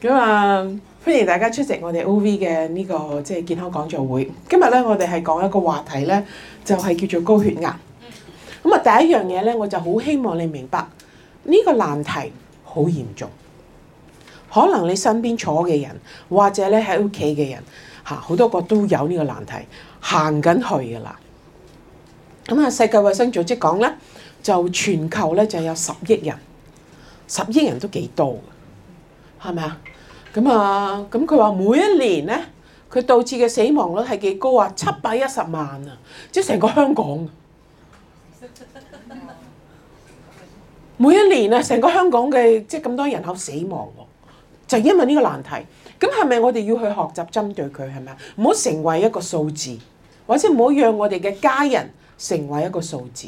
咁啊，歡迎大家出席我哋 OV 嘅呢個即係健康講座會。今日咧，我哋係講一個話題咧，就係叫做高血壓。咁啊，第一樣嘢咧，我就好希望你明白呢個難題好嚴重。可能你身邊坐嘅人，或者咧喺屋企嘅人，嚇好多個都有呢個難題，行緊去噶啦。咁啊，世界衛生組織講咧，就全球咧就有十億人，十億人都幾多㗎？係咪啊？咁啊，咁佢話每一年咧，佢導致嘅死亡率係幾高啊？七百一十萬啊，即係成個香港。每一年啊，成個香港嘅即係咁多人口死亡喎，就因為呢個難題。咁係咪我哋要去學習針對佢係咪啊？唔好成為一個數字，或者唔好讓我哋嘅家人成為一個數字。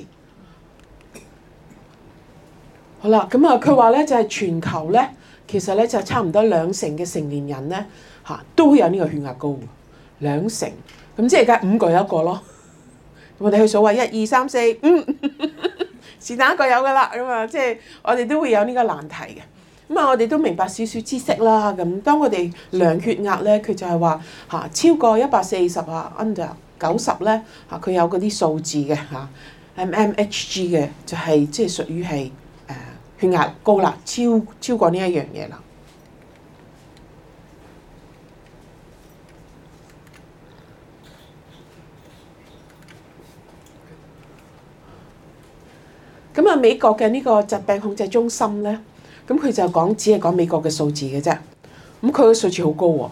好啦，咁啊，佢話咧就係全球咧。其實咧就差唔多兩成嘅成年人咧嚇都有呢個血壓高嘅兩成，咁即係而家五個一個咯。我哋去數下，一二三四，嗯，是 但一個有嘅啦咁啊，即係我哋都會有呢個難題嘅。咁啊，我哋都明白少少知識啦。咁當我哋量血壓咧，佢就係話嚇超過一百四十啊，under 九十咧嚇，佢有嗰啲數字嘅嚇 mmhg 嘅，就係即係屬於係。血壓高啦，超超過呢一樣嘢啦。咁啊，美國嘅呢個疾病控制中心咧，咁佢就講只係講美國嘅數字嘅啫。咁佢嘅數字好高喎，哦。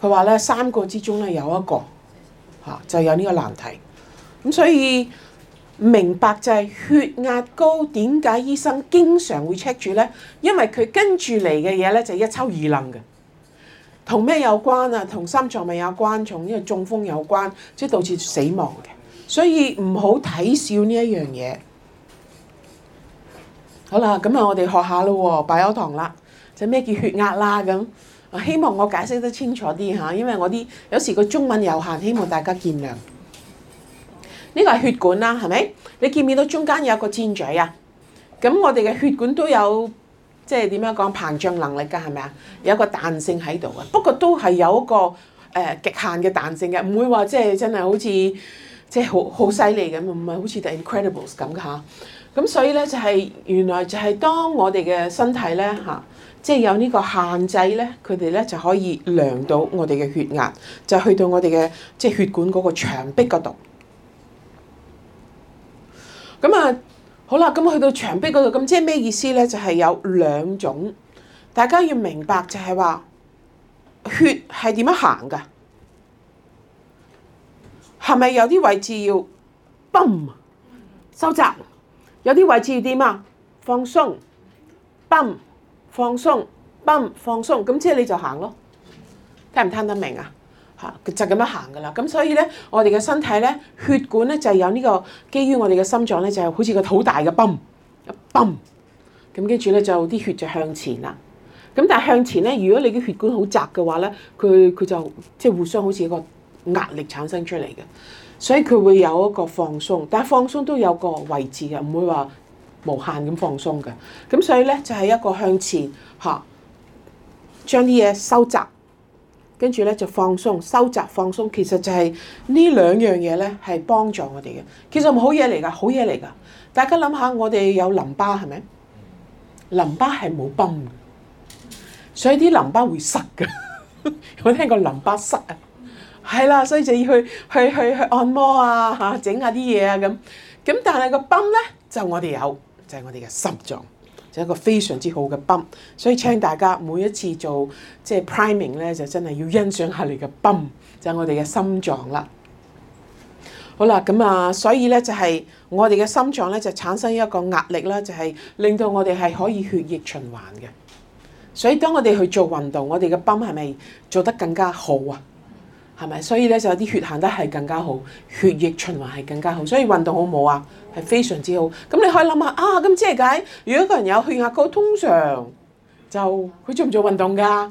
佢話咧三個之中咧有一個嚇就有呢個難題。咁所以。明白就係血壓高點解醫生經常會 check 住呢？因為佢跟住嚟嘅嘢呢，就一抽二愣嘅，同咩有關啊？同心臟病有關，同呢個中風有關，即係導致死亡嘅。所以唔好睇小呢一樣嘢。好啦，咁啊，我哋學下咯喎，擺咗糖啦。就咩叫血壓啦？咁希望我解釋得清楚啲吓，因為我啲有時個中文有限，希望大家見諒。呢、這個係血管啦，係咪？你見唔見到中間有一個尖嘴啊？咁我哋嘅血管都有即係點樣講膨脹能力㗎？係咪啊？有一個彈性喺度啊。不過都係有一個誒呃、極限嘅彈性嘅，唔會話即係真係好似即係好好犀利咁，唔係好似《The Incredibles》咁嚇。咁所以咧就係、是、原來就係當我哋嘅身體咧嚇、啊，即係有呢個限制咧，佢哋咧就可以量到我哋嘅血壓，就去到我哋嘅即係血管嗰個牆壁嗰度。咁啊，好啦，咁去到牆壁嗰度，咁即係咩意思咧？就係、是、有兩種，大家要明白就係話，血係點樣行噶？係咪有啲位置要泵收窄？有啲位置要點啊？放鬆泵放鬆泵放鬆，咁即係你就行咯。聽唔聽得明啊？佢就咁樣行噶啦，咁所以咧，我哋嘅身體咧，血管咧就係有呢個基於我哋嘅心臟咧，就係好似個好大嘅泵，一泵，咁跟住咧就啲血就向前啦。咁但係向前咧，如果你嘅血管好窄嘅話咧，佢佢就即係互相好似一個壓力產生出嚟嘅，所以佢會有一個放鬆，但係放鬆都有個位置嘅，唔會話無限咁放鬆嘅。咁所以咧就係一個向前，嚇，將啲嘢收窄。跟住咧就放鬆收窄，放鬆其實就係呢兩樣嘢咧，係幫助我哋嘅。其實好嘢嚟噶，好嘢嚟噶。大家諗下，我哋有淋巴係咪？淋巴係冇泵，所以啲淋巴會塞嘅。我冇聽過淋巴塞啊？係啦，所以就要去去去去按摩啊嚇，整下啲嘢啊咁。咁但係個泵咧就我哋有，就係我哋嘅心臟。就係一個非常之好嘅泵，所以請大家每一次做即係 priming 咧，就真係要欣賞下你嘅泵，就係我哋嘅心臟啦。好啦，咁啊，所以咧就係我哋嘅心臟咧就產生一個壓力啦，就係令到我哋係可以血液循環嘅。所以當我哋去做運動，我哋嘅泵係咪做得更加好啊？係咪？所以咧就有啲血行得係更加好，血液循環係更加好。所以運動好唔好啊？係非常之好。咁你可以諗下，啊咁即係解。如果個人有血壓高，通常就佢做唔做運動㗎？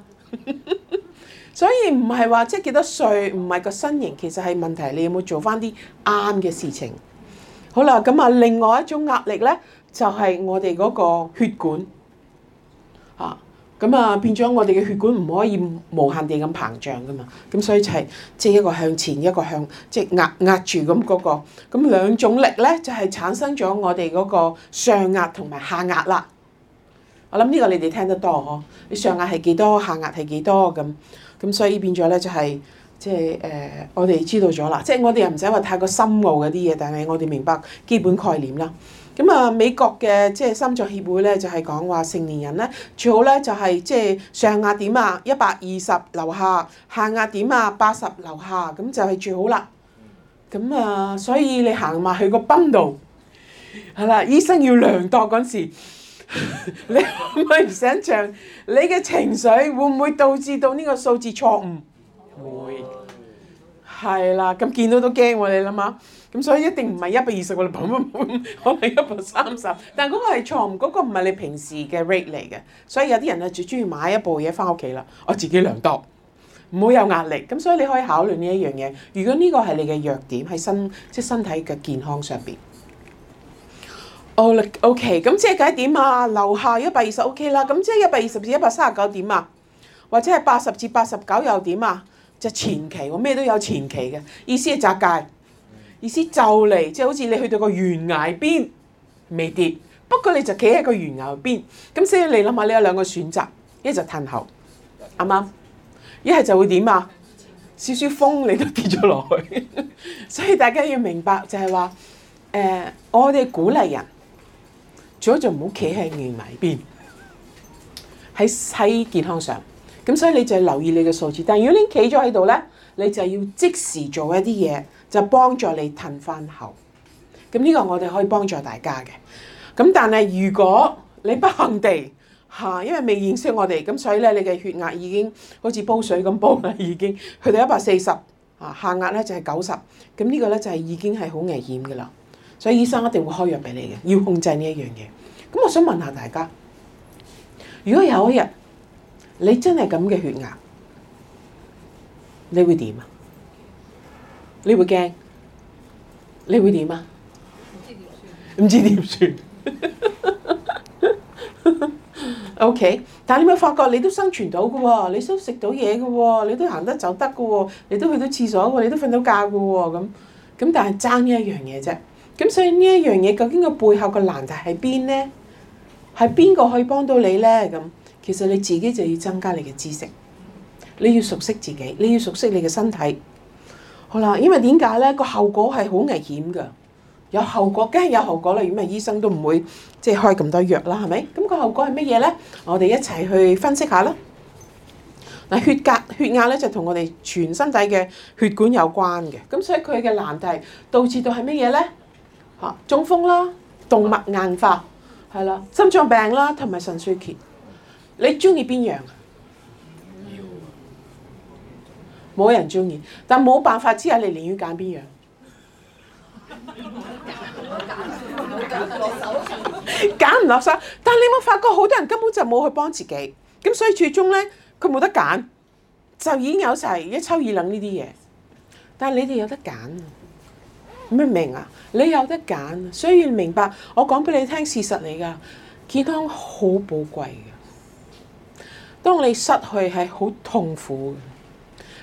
所以唔係話即係幾多歲，唔係個身形，其實係問題你有冇做翻啲啱嘅事情。好啦，咁啊另外一種壓力咧，就係我哋嗰個血管。咁啊，變咗我哋嘅血管唔可以無限地咁膨脹㗎嘛，咁所以就係即係一個向前，一個向即係壓壓住咁嗰個，咁兩種力咧就係產生咗我哋嗰個上壓同埋下壓啦。我諗呢個你哋聽得多呵，你上壓係幾多？下壓係幾多咁，咁所以變咗咧就係即係誒，我哋知道咗啦，即係我哋又唔使話太過深奧嗰啲嘢，但係我哋明白基本概念啦。咁啊，美國嘅即係心臟協會咧，就係講話成年人咧，最好咧就係即係上壓點啊，一百二十樓下，下壓點啊，八十樓下，咁就係最好啦。咁啊，所以你行埋去個泵度，係啦，醫生要量度嗰時，你可唔可以唔想像？你嘅情緒會唔會導致到呢個數字錯誤？會，係啦。咁見到都驚喎，你啦嘛？咁所以一定唔係一百二十，我哋百分可能一百三十，但係嗰個係錯誤，嗰個唔係你平時嘅 rate 嚟嘅。所以有啲人係最中意買一部嘢翻屋企啦，我自己量多，唔好有壓力。咁所以你可以考慮呢一樣嘢。如果呢個係你嘅弱點，喺身即係、就是、身體嘅健康上面。哦、oh，OK？咁即係點啊？留下一百二十 OK 啦。咁即係一百二十至一百三十九點啊？或者係八十至八十九又點啊？就係前期，我咩都有前期嘅意思係窄界。意思就嚟，即係好似你去到個懸崖邊未跌，不過你就企喺個懸崖邊，咁所以你諗下，你有兩個選擇，一就褪後，啱啱？一係就會點啊？少少風你都跌咗落去，所以大家要明白就係話，誒、呃，我哋鼓勵人，最好就唔好企喺懸崖邊。喺喺健康上，咁所以你就係留意你嘅數字。但係如果你企咗喺度咧，你就要即時做一啲嘢。就幫助你褪翻後，咁呢個我哋可以幫助大家嘅。咁但係如果你不幸地嚇，因為未認識我哋，咁所以咧你嘅血壓已經好似煲水咁煲啦，已經去到一百四十啊，下壓咧就係九十。咁呢個咧就係已經係好危險噶啦，所以醫生一定會開藥俾你嘅，要控制呢一樣嘢。咁我想問下大家，如果有一日你真係咁嘅血壓，你會點啊？你會驚？你會點啊？唔知點算？唔知點算 ？OK，但係你咪發覺你都生存到嘅喎，你都食到嘢嘅喎，你都行得走得嘅喎，你都去到廁所喎，你都瞓到覺嘅喎，咁咁但係爭呢一樣嘢啫。咁所以呢一樣嘢，究竟個背後個難題喺邊咧？係邊個可以幫到你咧？咁其實你自己就要增加你嘅知識，你要熟悉自己，你要熟悉你嘅身體。好啦，因為點解咧？個後果係好危險嘅，有後果梗係有後果啦。如果唔係醫生都唔會即係開咁多藥啦，係咪？咁個後果係乜嘢咧？我哋一齊去分析下啦。嗱，血壓血壓咧就同我哋全身底嘅血管有關嘅，咁所以佢嘅難題導致到係乜嘢咧？嚇，中風啦，動脈硬化，係啦，心臟病啦，同埋腎衰竭。你中意邊樣啊？冇人中意，但冇辦法，之下，你寧願揀邊樣？唔揀，揀唔落手，揀唔落手。但你冇發覺好多人根本就冇去幫自己？咁所以最終呢，佢冇得揀，就已經有晒一抽二冷呢啲嘢。但你哋有得揀，明唔明啊？你有得揀，所以要明白。我講俾你聽，事實嚟噶，健康好寶貴嘅。當你失去係好痛苦。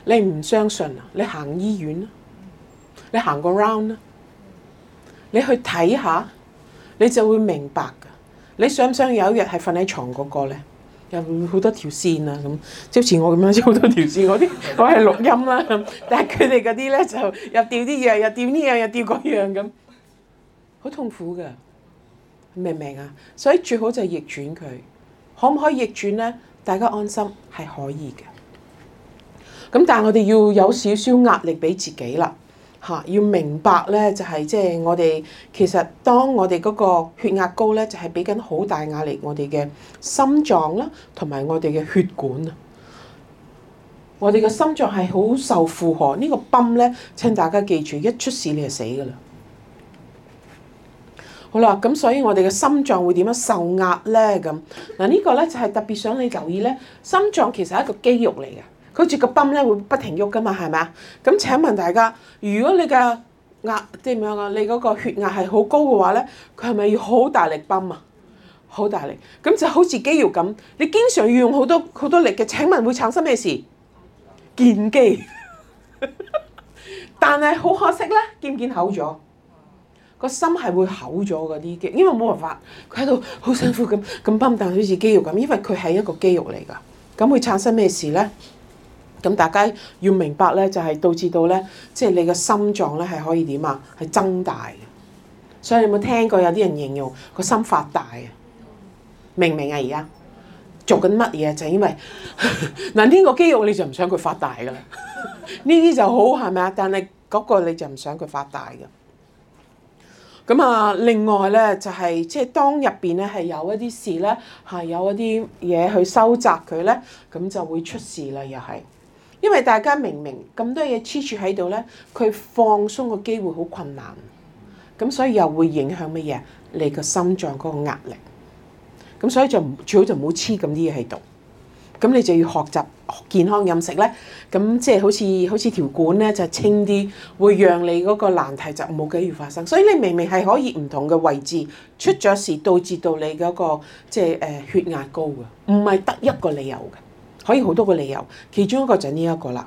你唔相信啊？你行醫院啦，你行個 round 啦，你去睇下，你就會明白噶。你想唔想有一日係瞓喺床嗰、那個咧？有好多條線啊，咁即好似我咁樣，即好多條線嗰啲。我係錄音啦咁，但係佢哋嗰啲咧就又掉啲嘢，又掉呢樣，又掉嗰樣咁，好痛苦噶。明唔明啊？所以最好就係逆轉佢，可唔可以逆轉咧？大家安心係可以嘅。咁但係我哋要有少少壓力俾自己啦，嚇要明白咧就係即係我哋其實當我哋嗰個血壓高咧，就係俾緊好大壓力我哋嘅心臟啦，同埋我哋嘅血管啊，我哋嘅心臟係好受負荷，呢個泵咧，請大家記住，一出事你就死㗎啦。好啦，咁所以我哋嘅心臟會點樣受壓咧？咁嗱呢個咧就係特別想你留意咧，心臟其實係一個肌肉嚟嘅。好似個泵咧會不停喐噶嘛，係咪啊？咁請問大家，如果你嘅壓即係點樣啊？你嗰個血壓係好高嘅話咧，佢係咪要好大力泵啊？好大力，咁就好似肌肉咁，你經常要用好多好多力嘅。請問會產生咩事？健肌， 但係好可惜咧，健唔健厚咗？個心係會厚咗嗰啲嘅，因為冇辦法，佢喺度好辛苦咁咁泵，但好似肌肉咁，因為佢係一個肌肉嚟噶，咁會產生咩事咧？咁大家要明白咧，就係導致到咧，即係你嘅心臟咧，係可以點啊？係增大嘅。所以你有冇聽過有啲人形容個心發大啊？明唔明啊？而家做緊乜嘢？就因為嗱，呢個肌肉你就唔想佢發大噶啦。呢啲就好係咪啊？但係嗰個你就唔想佢發大嘅。咁啊，另外咧就係即係當入邊咧係有一啲事咧係有一啲嘢去收窄佢咧，咁就會出事啦，又係。因為大家明明咁多嘢黐住喺度咧，佢放鬆個機會好困難，咁所以又會影響乜嘢？你個心臟嗰個壓力，咁所以就最好就唔好黐咁啲嘢喺度。咁你就要學習健康飲食咧，咁即係好似好似條管咧就清啲，會讓你嗰個難題就冇機會發生。所以你明明係可以唔同嘅位置出咗事，導致到你嗰個即係誒血壓高嘅，唔係得一個理由嘅。可以好多個理由，其中一個就係呢一個啦。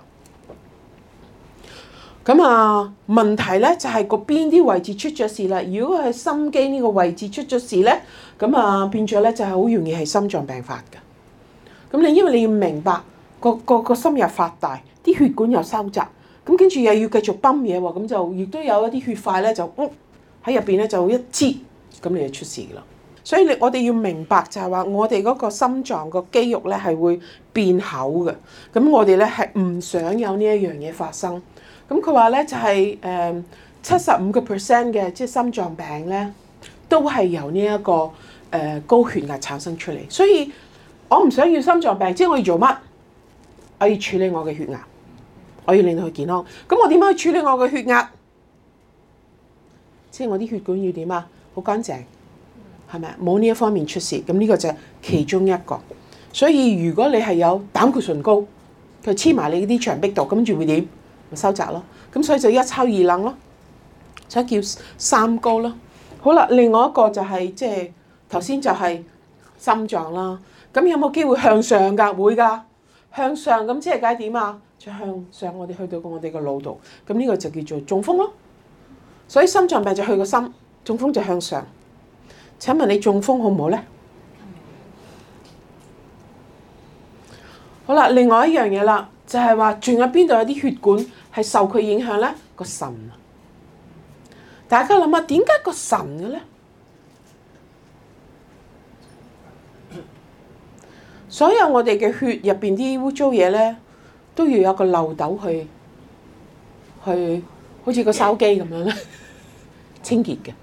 咁啊，問題咧就係個邊啲位置出咗事啦。如果係心肌呢個位置出咗事咧，咁啊變咗咧就係好容易係心臟病發㗎。咁你因為你要明白，個個個心又發大，啲血管又收窄，咁跟住又要繼續泵嘢喎，咁就亦都有一啲血塊咧就喎喺入邊咧就一擠，咁你就出事啦。所以你我哋要明白就係話，我哋嗰個心臟個肌肉咧係會變厚嘅。咁我哋咧係唔想有呢一樣嘢發生。咁佢話咧就係誒七十五個 percent 嘅即係心臟病咧，都係由呢一個誒高血壓產生出嚟。所以我唔想要心臟病，即係我要做乜？我要處理我嘅血壓，我要令到佢健康。咁我點樣去處理我嘅血壓？即係我啲血管要點啊？好乾淨。係咪？冇呢一方面出事，咁呢個就係其中一個。所以如果你係有膽固醇高，佢黐埋你啲牆壁度，跟住會點？咪收窄咯。咁所以就一抽二冷咯，所以叫三高咯。好啦，另外一個就係即係頭先就係、是、心臟啦。咁有冇機會向上㗎？會㗎，向上咁即係點啊？就向上我哋去到個我哋個腦度，咁呢個就叫做中風咯。所以心臟病就去個心，中風就向上。請問你中風好唔好呢？好啦，另外一樣嘢啦，就係話仲有邊度有啲血管係受佢影響呢？個腎。大家諗下點解個腎嘅咧？所有我哋嘅血入邊啲污糟嘢咧，都要有個漏斗去，去好似個筲箕咁樣，清潔嘅。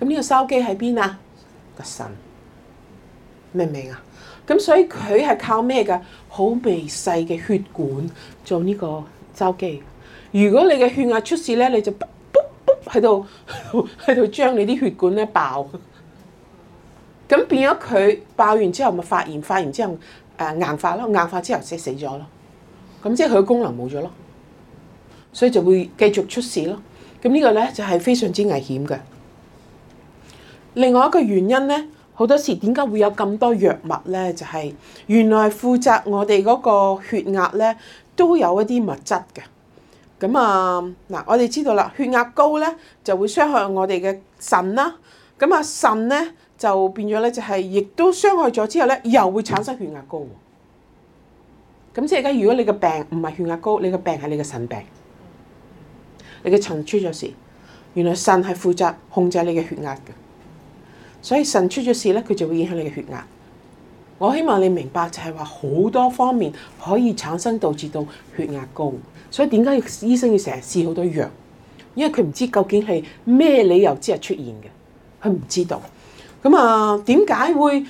咁、這、呢個筲箕喺邊啊？個腎明唔明啊？咁所以佢係靠咩噶？好微細嘅血管做呢個筲箕。如果你嘅血壓出事咧，你就卜卜卜喺度喺度將你啲血管咧爆。咁變咗佢爆完之後咪發炎，發炎之後誒硬化咯，硬化之後死了即死咗咯。咁即係佢功能冇咗咯，所以就會繼續出事咯。咁呢個咧就係非常之危險嘅。另外一個原因咧，好多時點解會有咁多藥物咧？就係原來負責我哋嗰個血壓咧，都有一啲物質嘅。咁啊，嗱，我哋知道啦，血壓高咧就會傷害我哋嘅腎啦。咁啊，腎咧就變咗咧，就係亦都傷害咗之後咧，又會產生血壓高。咁即係而家，如果你嘅病唔係血壓高，你嘅病係你嘅腎病，你嘅腎出咗事。原來腎係負責控制你嘅血壓嘅。所以腎出咗事咧，佢就會影響你嘅血壓。我希望你明白就係，就係話好多方面可以產生導致到血壓高。所以點解醫生要成日試好多藥？因為佢唔知究竟係咩理由先至出現嘅，佢唔知道。咁啊，點解會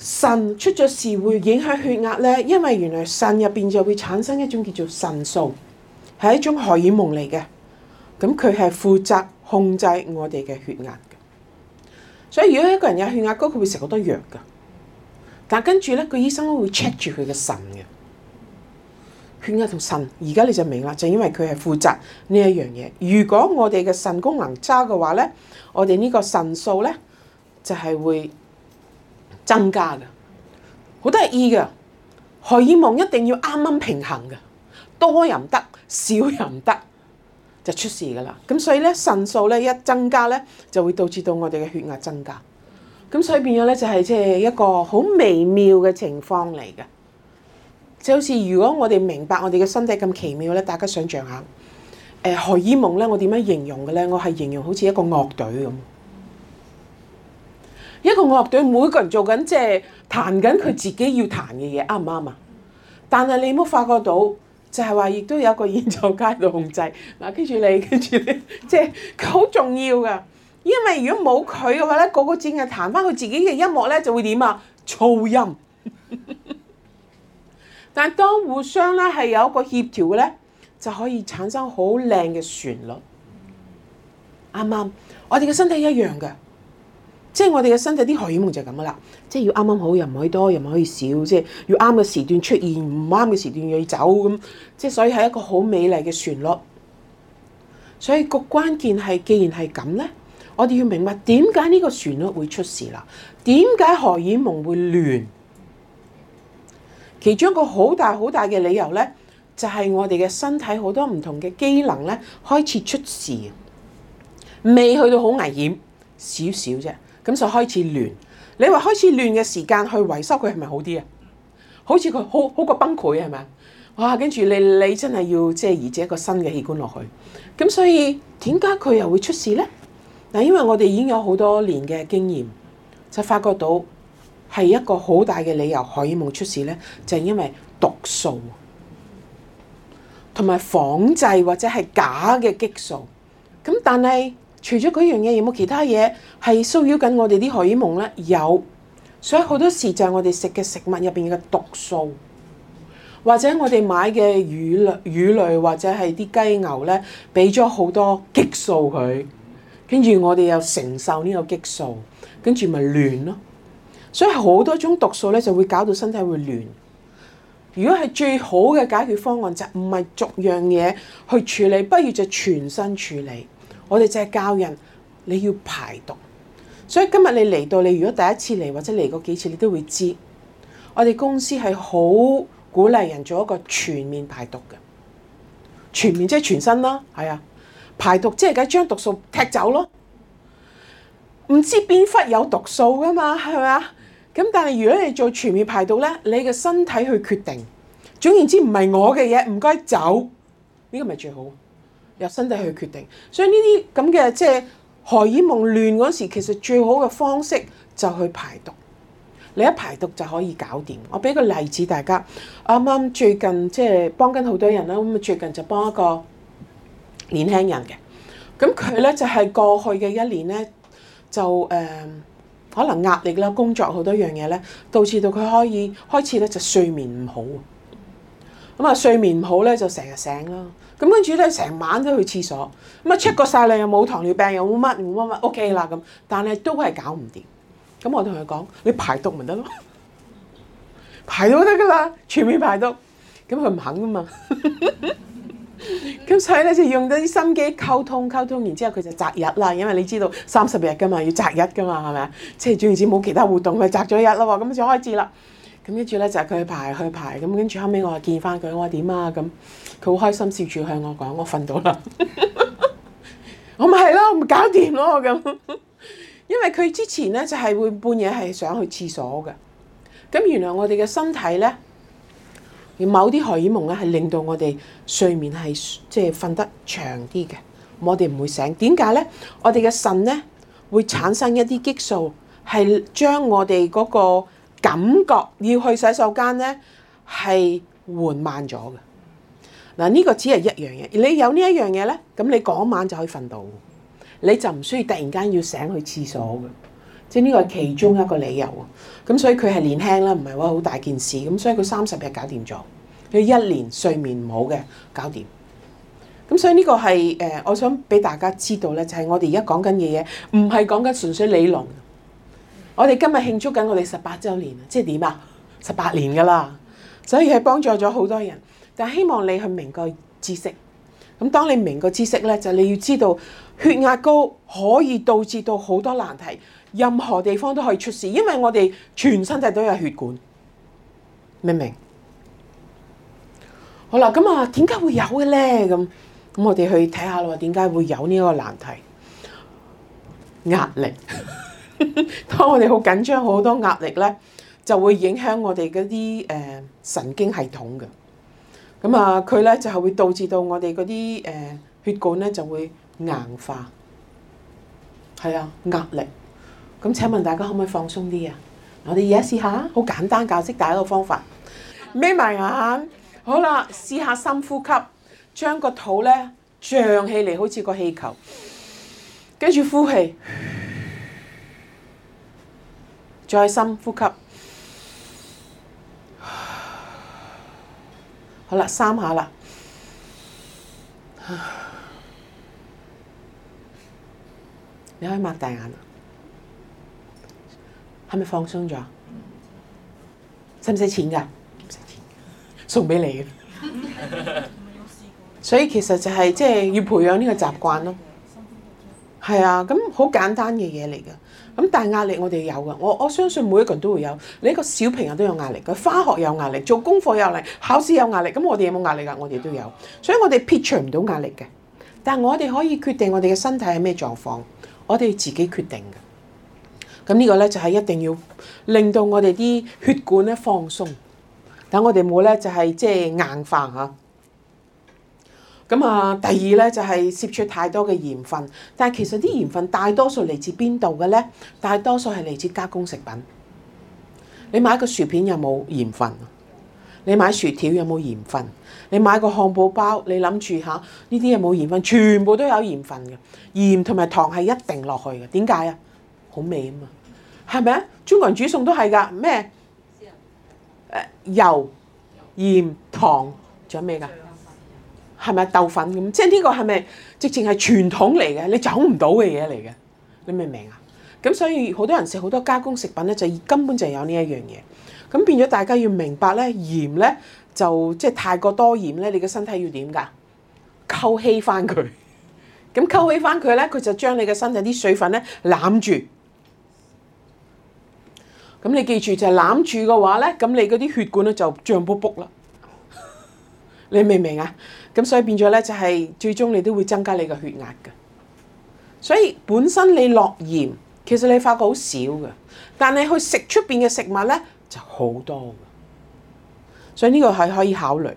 腎出咗事會影響血壓咧？因為原來腎入邊就會產生一種叫做腎素，係一種荷爾蒙嚟嘅。咁佢係負責控制我哋嘅血壓。所以如果一個人有血壓高，佢會食好多藥噶，但跟住咧，個醫生會 check 住佢嘅腎嘅。血壓同腎，而家你就明啦，就因為佢係負責呢一樣嘢。如果我哋嘅腎功能差嘅話咧，我哋呢個腎素咧就係、是、會增加㗎。好多係醫嘅荷爾蒙一定要啱啱平衡嘅，多又唔得，少又唔得。就出事噶啦，咁所以咧，腎素咧一增加咧，就會導致到我哋嘅血壓增加，咁所以變咗咧就係即係一個好微妙嘅情況嚟嘅，就好似如果我哋明白我哋嘅身體咁奇妙咧，大家想象下，誒荷爾蒙咧我點樣形容嘅咧？我係形容好似一個樂隊咁，一個樂隊每個人做緊即係彈緊佢自己要彈嘅嘢，啱唔啱啊？但係你冇發覺到？就係話，亦都有一個演奏家喺度控制，嗱跟住你，跟住你，即係佢好重要噶。因為如果冇佢嘅話咧，嗰個鍵個嘅彈翻佢自己嘅音樂咧，就會點啊？噪音。 但係當互相咧係有一個協調嘅咧，就可以產生好靚嘅旋律。啱唔啱？我哋嘅身體是一樣嘅。即係我哋嘅身體啲荷爾蒙就係咁噶啦，即係要啱啱好，又唔可以多，又唔可以少，即係要啱嘅時段出現，唔啱嘅時段又要走咁，即係所以係一個好美麗嘅旋律。所以，個，所以個關鍵係，既然係咁呢，我哋要明白點解呢個旋律會出事啦？點解荷爾蒙會亂？其中一個好大好大嘅理由呢，就係、是、我哋嘅身體好多唔同嘅機能呢，開始出事，未去到好危險，少少啫。咁就開始亂，你話開始亂嘅時間去維修佢係咪好啲啊？好似佢好好過崩潰啊，係咪啊？哇！跟住你你真係要即係移植一個新嘅器官落去，咁所以點解佢又會出事呢？嗱，因為我哋已經有好多年嘅經驗，就發覺到係一個好大嘅理由可以冇出事呢，就係因為毒素同埋仿製或者係假嘅激素。咁但係。除咗嗰樣嘢，有冇其他嘢係騷擾緊我哋啲荷爾蒙呢？有，所以好多時就係我哋食嘅食物入邊嘅毒素，或者我哋買嘅魚類、魚類或者係啲雞牛呢，俾咗好多激素佢，跟住我哋又承受呢個激素，跟住咪亂咯。所以好多種毒素呢，就會搞到身體會亂。如果係最好嘅解決方案就唔係逐樣嘢去處理，不如就全身處理。我哋就係教人你要排毒，所以今日你嚟到，你如果第一次嚟或者嚟過幾次，你都會知。我哋公司係好鼓勵人做一個全面排毒嘅，全面即係全身啦，係啊，排毒即係梗將毒素踢走咯。唔知邊忽有毒素噶嘛，係咪？咁但係如果你做全面排毒咧，你嘅身體去決定。總言之，不是我的東西，唔係我嘅嘢，唔該走，呢個咪最好。由身體去決定，所以呢啲咁嘅即係荷爾蒙亂嗰時，其實最好嘅方式就去排毒。你一排毒就可以搞掂。我俾個例子大家，啱啱最近即係幫緊好多人啦，咁啊最近就幫一個年輕人嘅，咁佢咧就係過去嘅一年咧就誒可能壓力啦、工作好多樣嘢咧，導致到佢可以開始咧就睡眠唔好。咁啊睡眠唔好咧就成日醒啦。咁跟住咧，成晚都去廁所，咁啊 check 過晒你又冇糖尿病又冇乜，冇乜乜，OK 啦咁。但係都係搞唔掂。咁我同佢講，你排毒咪得咯，排毒得噶啦，全面排毒。咁佢唔肯㗎嘛。咁所以咧就用咗啲心機溝通溝通，然之後佢就擇日啦，因為你知道三十日噶嘛，要擇日噶嘛，係咪啊？即係總言之冇其他活動，咪擇咗日咯喎，咁就開始啦。咁跟住咧就佢去排去排，咁跟住後尾我話見翻佢，我話點啊咁。佢好開心笑，笑住向我講：我瞓到啦，我咪係咯，唔搞掂咯咁。因為佢之前咧就係會半夜係想去廁所嘅。咁原來我哋嘅身體咧，某啲荷爾蒙咧係令到我哋睡眠係即係瞓得長啲嘅。我哋唔會醒，點解咧？我哋嘅腎咧會產生一啲激素，係將我哋嗰個感覺要去洗手間咧係緩慢咗嘅。嗱、呢個只係一樣嘢，你有呢一樣嘢咧，咁你嗰晚就可以瞓到，你就唔需要突然間要醒去廁所嘅，即係呢個係其中一個理由。咁所以佢係年輕啦，唔係話好大件事，咁所以佢三十日搞掂咗，佢一年睡眠唔好嘅搞掂。咁所以呢個係誒，我想俾大家知道咧，就係我哋而家講緊嘅嘢唔係講緊純粹理論。我哋今日慶祝緊我哋十八週年啊，即係點啊？十八年噶啦，所以係幫助咗好多人。但希望你去明個知識。咁當你明個知識咧，就你要知道，血壓高可以導致到好多難題，任何地方都可以出事，因為我哋全身體都有血管，明唔明？好啦，咁啊，點解會有嘅咧？咁咁，我哋去睇下啦。話點解會有呢一個難題？壓力當我哋好緊張，好多壓力咧，就會影響我哋嗰啲誒神經系統嘅。咁啊，佢就會導致到我哋嗰啲血管咧就會硬化，係啊，壓力。咁請問大家可唔可以放鬆啲啊？我哋而家試下，好簡單教識大家一個方法，眯埋眼，好喇，試下深呼吸，將個肚咧脹起嚟，好似個氣球，跟住呼氣，再深呼吸。好啦，三下啦，你可以擘大眼啦，係咪放鬆咗？使唔使錢噶？唔使錢，送畀你嘅。所以其實就係即係要培養呢個習慣咯。係啊，咁好簡單嘅嘢嚟嘅。咁但壓力我哋有嘅，我我相信每一個人都會有。你一個小朋友都有壓力，佢返學有壓力，做功課有壓力，考試有壓力。咁我哋有冇壓力噶，我哋都有。所以我哋撇除唔到壓力嘅，但係我哋可以決定我哋嘅身體係咩狀況，我哋自己決定嘅。咁呢個咧就係一定要令到我哋啲血管咧放鬆，等我哋冇咧就係即係硬化吓咁啊，第二咧就係攝取太多嘅鹽分，但係其實啲鹽分大多數嚟自邊度嘅咧？大多數係嚟自加工食品。你買個薯片有冇鹽分？你買薯條有冇鹽分？你買個漢堡包，你諗住嚇呢啲有冇鹽分？全部都有鹽分嘅，鹽同埋糖係一定落去嘅。點解啊？好味啊嘛，係咪啊？中國人煮餸都係噶咩？誒油、鹽、糖，仲有咩㗎？係咪豆粉咁？即係呢個係咪直情係傳統嚟嘅？你走唔到嘅嘢嚟嘅，你明唔明啊？咁所以好多人食好多加工食品咧，就根本就有呢一樣嘢。咁變咗大家要明白咧，鹽咧就即係太過多鹽咧，你嘅身體要點㗎？溝稀翻佢，咁溝稀翻佢咧，佢就將你嘅身體啲水分咧攬住。咁你記住就係攬住嘅話咧，咁你嗰啲血管咧就脹卜卜啦。你明唔明啊？咁所以變咗咧，就係最終你都會增加你個血壓嘅。所以本身你落鹽，其實你發覺好少嘅，但你去食出邊嘅食物咧就好多。所以呢個係可以考慮。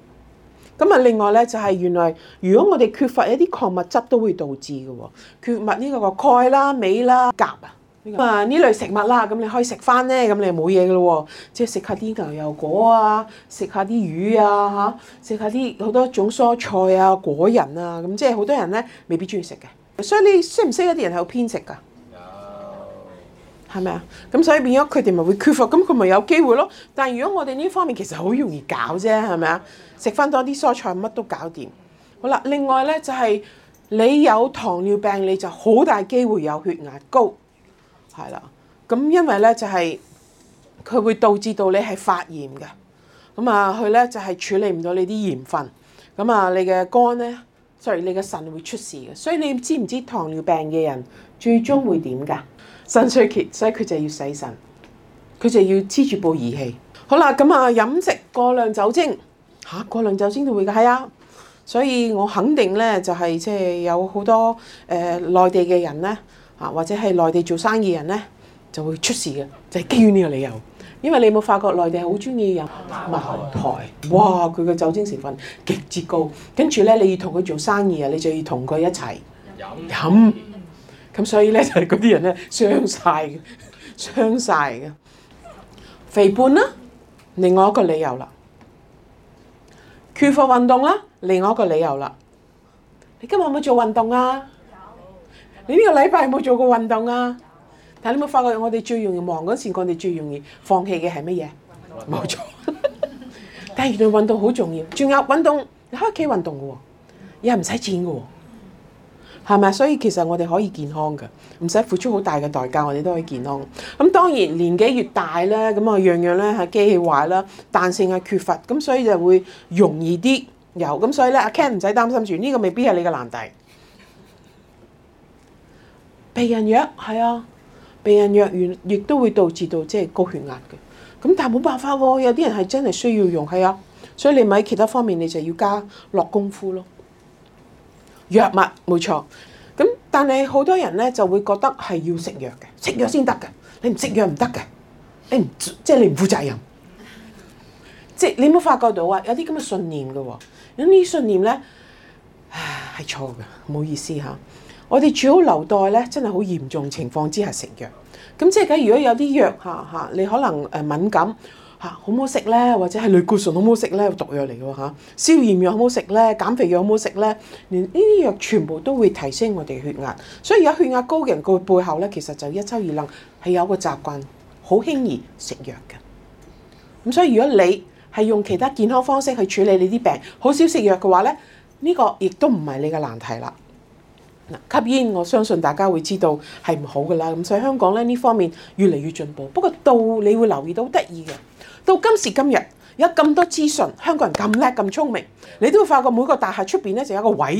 咁啊，另外咧就係、是、原來，如果我哋缺乏一啲礦物質，都會導致嘅喎。缺乏呢個個鈣啦、鎂啦、鉀啊。啊！呢類食物啦，咁你可以食翻咧，咁你冇嘢嘅咯。即係食下啲牛油果啊，食下啲魚啊嚇，食下啲好多種蔬菜啊、果仁啊，咁即係好多人咧未必中意食嘅。所以你識唔識一啲人係有偏食噶？有係咪啊？咁所以變咗佢哋咪會缺乏，咁佢咪有機會咯。但係如果我哋呢方面其實好容易搞啫，係咪啊？食翻多啲蔬菜，乜都搞掂好啦。另外咧就係你有糖尿病，你就好大機會有血壓高。係啦，咁因為咧就係佢會導致到你係發炎嘅，咁啊佢咧就係處理唔到你啲鹽分，咁啊你嘅肝咧，即係你嘅腎會出事嘅。所以你知唔知糖尿病嘅人最終會點㗎？腎衰竭，所以佢就要洗腎，佢就要黐住部儀器。好啦，咁啊飲食過量酒精吓，過量酒精都、啊、會㗎，係啊。所以我肯定咧就係即係有好多誒內、呃、地嘅人咧。啊，或者係內地做生意人呢，就會出事嘅，就係基於呢個理由。因為你有冇發覺內地人好中意飲茅台，哇！佢個酒精成分極之高，跟住呢你要同佢做生意啊，你就要同佢一齊飲飲。咁所以呢就係嗰啲人呢傷曬嘅，傷曬嘅。肥胖啦，另外一個理由啦，缺乏運動啦，另外一個理由啦。你今日有冇做運動啊？你呢個禮拜有冇做過運動啊？但係你冇發覺，我哋最容易忙嗰時，我哋最容易放棄嘅係乜嘢？冇錯。但係原來運動好重要，仲有運動，你喺屋企運動嘅，又唔使錢嘅，係咪？所以其實我哋可以健康嘅，唔使付出好大嘅代價，我哋都可以健康。咁當然年紀越大咧，咁啊樣樣咧係，機器壞啦，彈性係缺乏，咁所以就會容易啲有。咁所以咧，阿 Ken 唔使擔心住，呢個未必係你嘅難題。避孕藥係啊，避孕藥完亦都會導致到即係高血壓嘅。咁但係冇辦法喎，有啲人係真係需要用係啊。所以你咪喺其他方面你就要加落功夫咯。藥物冇錯，咁但係好多人咧就會覺得係要食藥嘅，食藥先得嘅，你唔食藥唔得嘅，你唔即係你唔負責任。即係你冇發覺到啊？有啲咁嘅信念㗎喎，咁呢啲信念咧唉，係錯嘅，唔好意思吓。我哋最好留待咧，真係好嚴重的情況之下食藥。咁即係講，如果有啲藥嚇嚇，你可能誒敏感嚇，好唔好食咧？或者係類固醇好唔好食咧？有毒藥嚟嘅嚇，消炎藥好唔好食咧？減肥藥好唔好食咧？連呢啲藥全部都會提升我哋血壓。所以而家血壓高嘅人佢背後咧，其實就一抽二楞係有一個習慣，好輕易食藥嘅。咁所以如果你係用其他健康方式去處理你啲病，好少食藥嘅話咧，呢個亦都唔係你嘅難題啦。吸煙，我相信大家會知道係唔好噶啦。咁所以香港咧呢方面越嚟越進步。不過到你會留意到得意嘅，到今時今日有咁多資訊，香港人咁叻咁聰明，你都會發覺每個大廈出邊咧就有一個位，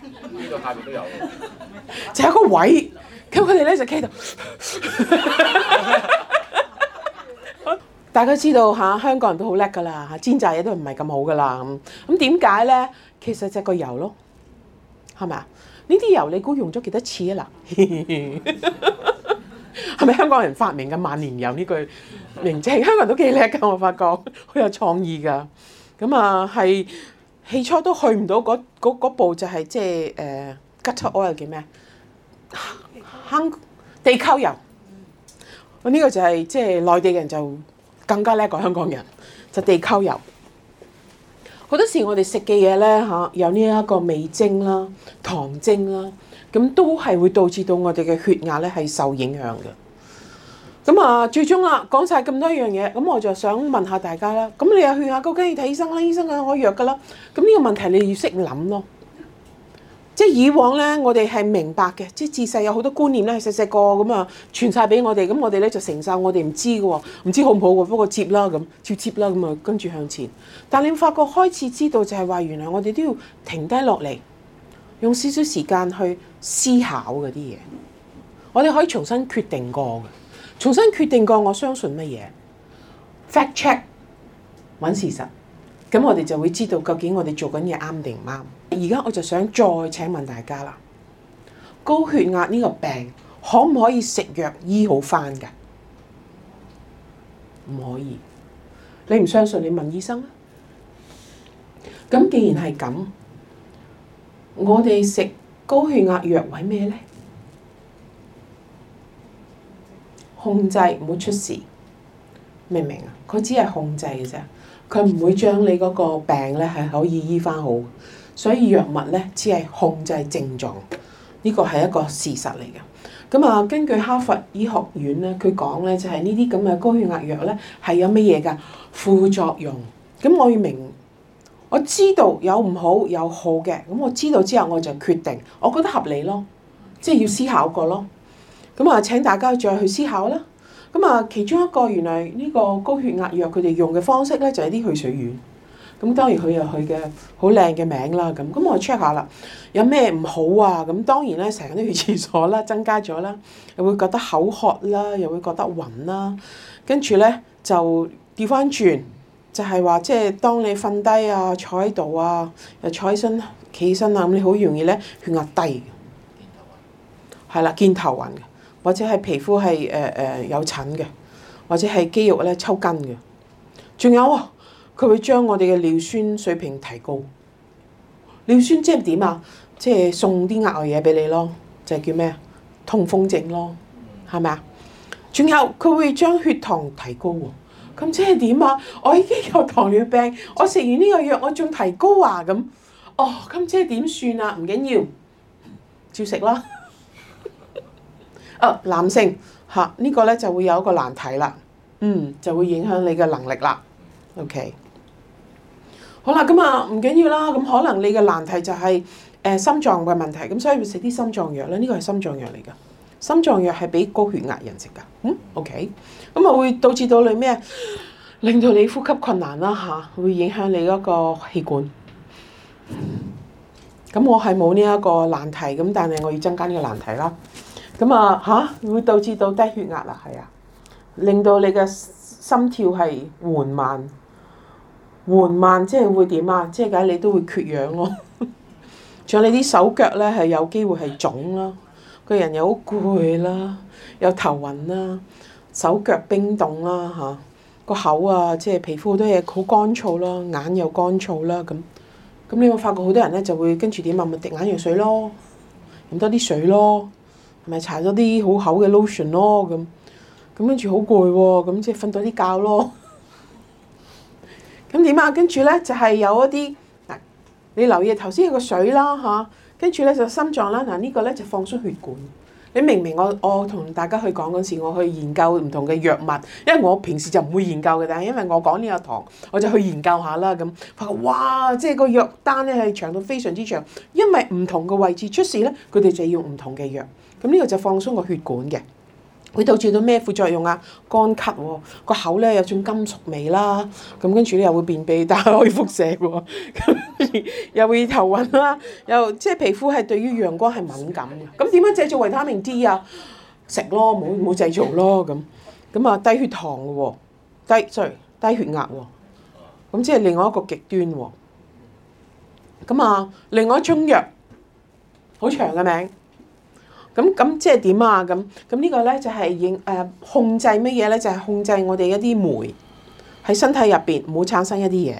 呢度下邊都有，就有一個位。咁佢哋咧就企度， 大家知道嚇，香港人都好叻噶啦嚇，煎炸嘢都唔係咁好噶啦。咁點解咧？其實就個油咯，係咪啊？呢啲油你估用咗幾多次啊？嗱，係咪香港人發明嘅萬年油呢句名稱？香港人都幾叻㗎，我發覺好有創意㗎。咁啊，係起初都去唔到嗰嗰部就係、是、即係誒，cut away 又叫咩坑地溝油。我呢、這個就係、是、即係內地人就更加叻過香港人，就地溝油。好多時我哋食嘅嘢咧，吓，有呢一個味精啦、糖精啦，咁都係會導致到我哋嘅血壓咧係受影響嘅。咁啊，最終啦，講晒咁多一樣嘢，咁我就想問下大家啦。咁你有血壓高梗係睇醫生啦，醫生梗係，可以約噶啦。咁呢個問題你要識諗咯。即係以往呢，我哋係明白嘅。即係自細有好多觀念呢，咧，細細個咁啊，傳晒俾我哋，咁我哋呢就承受，我哋唔知嘅喎，唔知好唔好喎，不過接啦咁，接接啦咁啊，跟住向前。但你發覺開始知道就係話，原來我哋都要停低落嚟，用少少時間去思考嗰啲嘢。我哋可以重新決定過嘅，重新決定過，我相信乜嘢？Fact check，揾事實。嗯咁我哋就會知道究竟我哋做緊嘢啱定唔啱。而家我就想再請問大家啦，高血壓呢個病可唔可以食藥醫好翻㗎？唔可以，你唔相信你問醫生啊。咁既然係咁，我哋食高血壓藥為咩咧？控制唔好出事，明唔明啊？佢只係控制嘅啫。佢唔會將你嗰個病咧係可以醫翻好，所以藥物咧只係控制症狀，呢個係一個事實嚟嘅。咁啊，根據哈佛醫學院咧，佢講咧就係呢啲咁嘅高血壓藥咧係有乜嘢㗎副作用。咁我要明，我知道有唔好有好嘅，咁我知道之後我就決定，我覺得合理咯，即係要思考過咯。咁啊，請大家再去思考啦。咁啊，其中一個原來呢個高血壓藥佢哋用嘅方式咧，就係啲去水丸。咁當然佢有佢嘅好靚嘅名啦。咁咁我 check 下啦，有咩唔好啊？咁當然咧，成日都去廁所啦，增加咗啦，又會覺得口渴啦，又會覺得暈啦。跟住咧就調翻轉，就係話、就是、即係當你瞓低啊，坐喺度啊，又坐起身、企起身啊，咁你好容易咧血壓低。係啦，見頭暈嘅。或者係皮膚係誒誒有疹嘅，或者係肌肉咧抽筋嘅，仲有啊，佢會將我哋嘅尿酸水平提高。尿酸即係點啊？即係送啲額外嘢俾你咯，就係叫咩啊？痛風症咯，係咪啊？仲有佢會將血糖提高喎，咁即係點啊？我已經有糖尿病，我食完呢個藥我仲提高啊咁，哦咁即係點算啊？唔緊要，照食啦。男性吓、這個、呢個咧就會有一個難題啦，嗯，就會影響你嘅能力啦。OK，好啦，咁啊唔緊要啦，咁可能你嘅難題就係、是、誒、呃、心臟嘅問題，咁所以要食啲心臟藥啦。呢、這個係心臟藥嚟噶，心臟藥係俾高血壓人食噶。嗯，OK，咁啊會導致到你咩？令到你呼吸困難啦吓，會影響你嗰個氣管。咁我係冇呢一個難題，咁但係我要增加呢個難題啦。咁啊吓、啊，會導致到低血壓啦係啊，令到你嘅心跳係緩慢，緩慢即係會點啊？即係解你都會缺氧咯、啊。仲 有你啲手腳咧係有機會係腫啦，個人又好攰啦，又頭暈啦，手腳冰凍啦吓，個、啊、口啊即係、就是、皮膚好多嘢好乾燥啦，眼又乾燥啦咁。咁你有冇發覺好多人咧就會跟住點啊？咪、就是、滴眼藥水咯，飲多啲水咯。咪搽咗啲好厚嘅 lotion 咯，咁咁跟住好攰喎，咁即係瞓多啲覺咯。咁點啊？跟住咧就係、是、有一啲嗱，你留意頭先有個水啦嚇，跟住咧就是、心臟啦。嗱、這個、呢個咧就是、放出血管。你明唔明我？我我同大家去講嗰時候，我去研究唔同嘅藥物，因為我平時就唔會研究嘅，但係因為我講呢個堂，我就去研究一下啦。咁發覺哇，即、這、係個藥單咧係長到非常之長，因為唔同嘅位置出事咧，佢哋就要唔同嘅藥。咁呢個就放鬆個血管嘅，會導致到咩副作用啊？乾咳喎，個口咧有種金屬味啦。咁跟住咧又會便秘，但係可以腹瀉喎，又會頭暈啦，又即係皮膚係對於陽光係敏感嘅。咁點樣製造維他命 D 啊？食咯，冇冇製造咯咁。咁啊，低血糖喎，低即係低血壓喎。咁即係另外一個極端喎。咁啊，另外一種藥，好長嘅名。咁咁即係點啊？咁咁呢個咧就係、是、影、呃、控制乜嘢咧？就係、是、控制我哋一啲酶喺身體入邊唔好產生一啲嘢。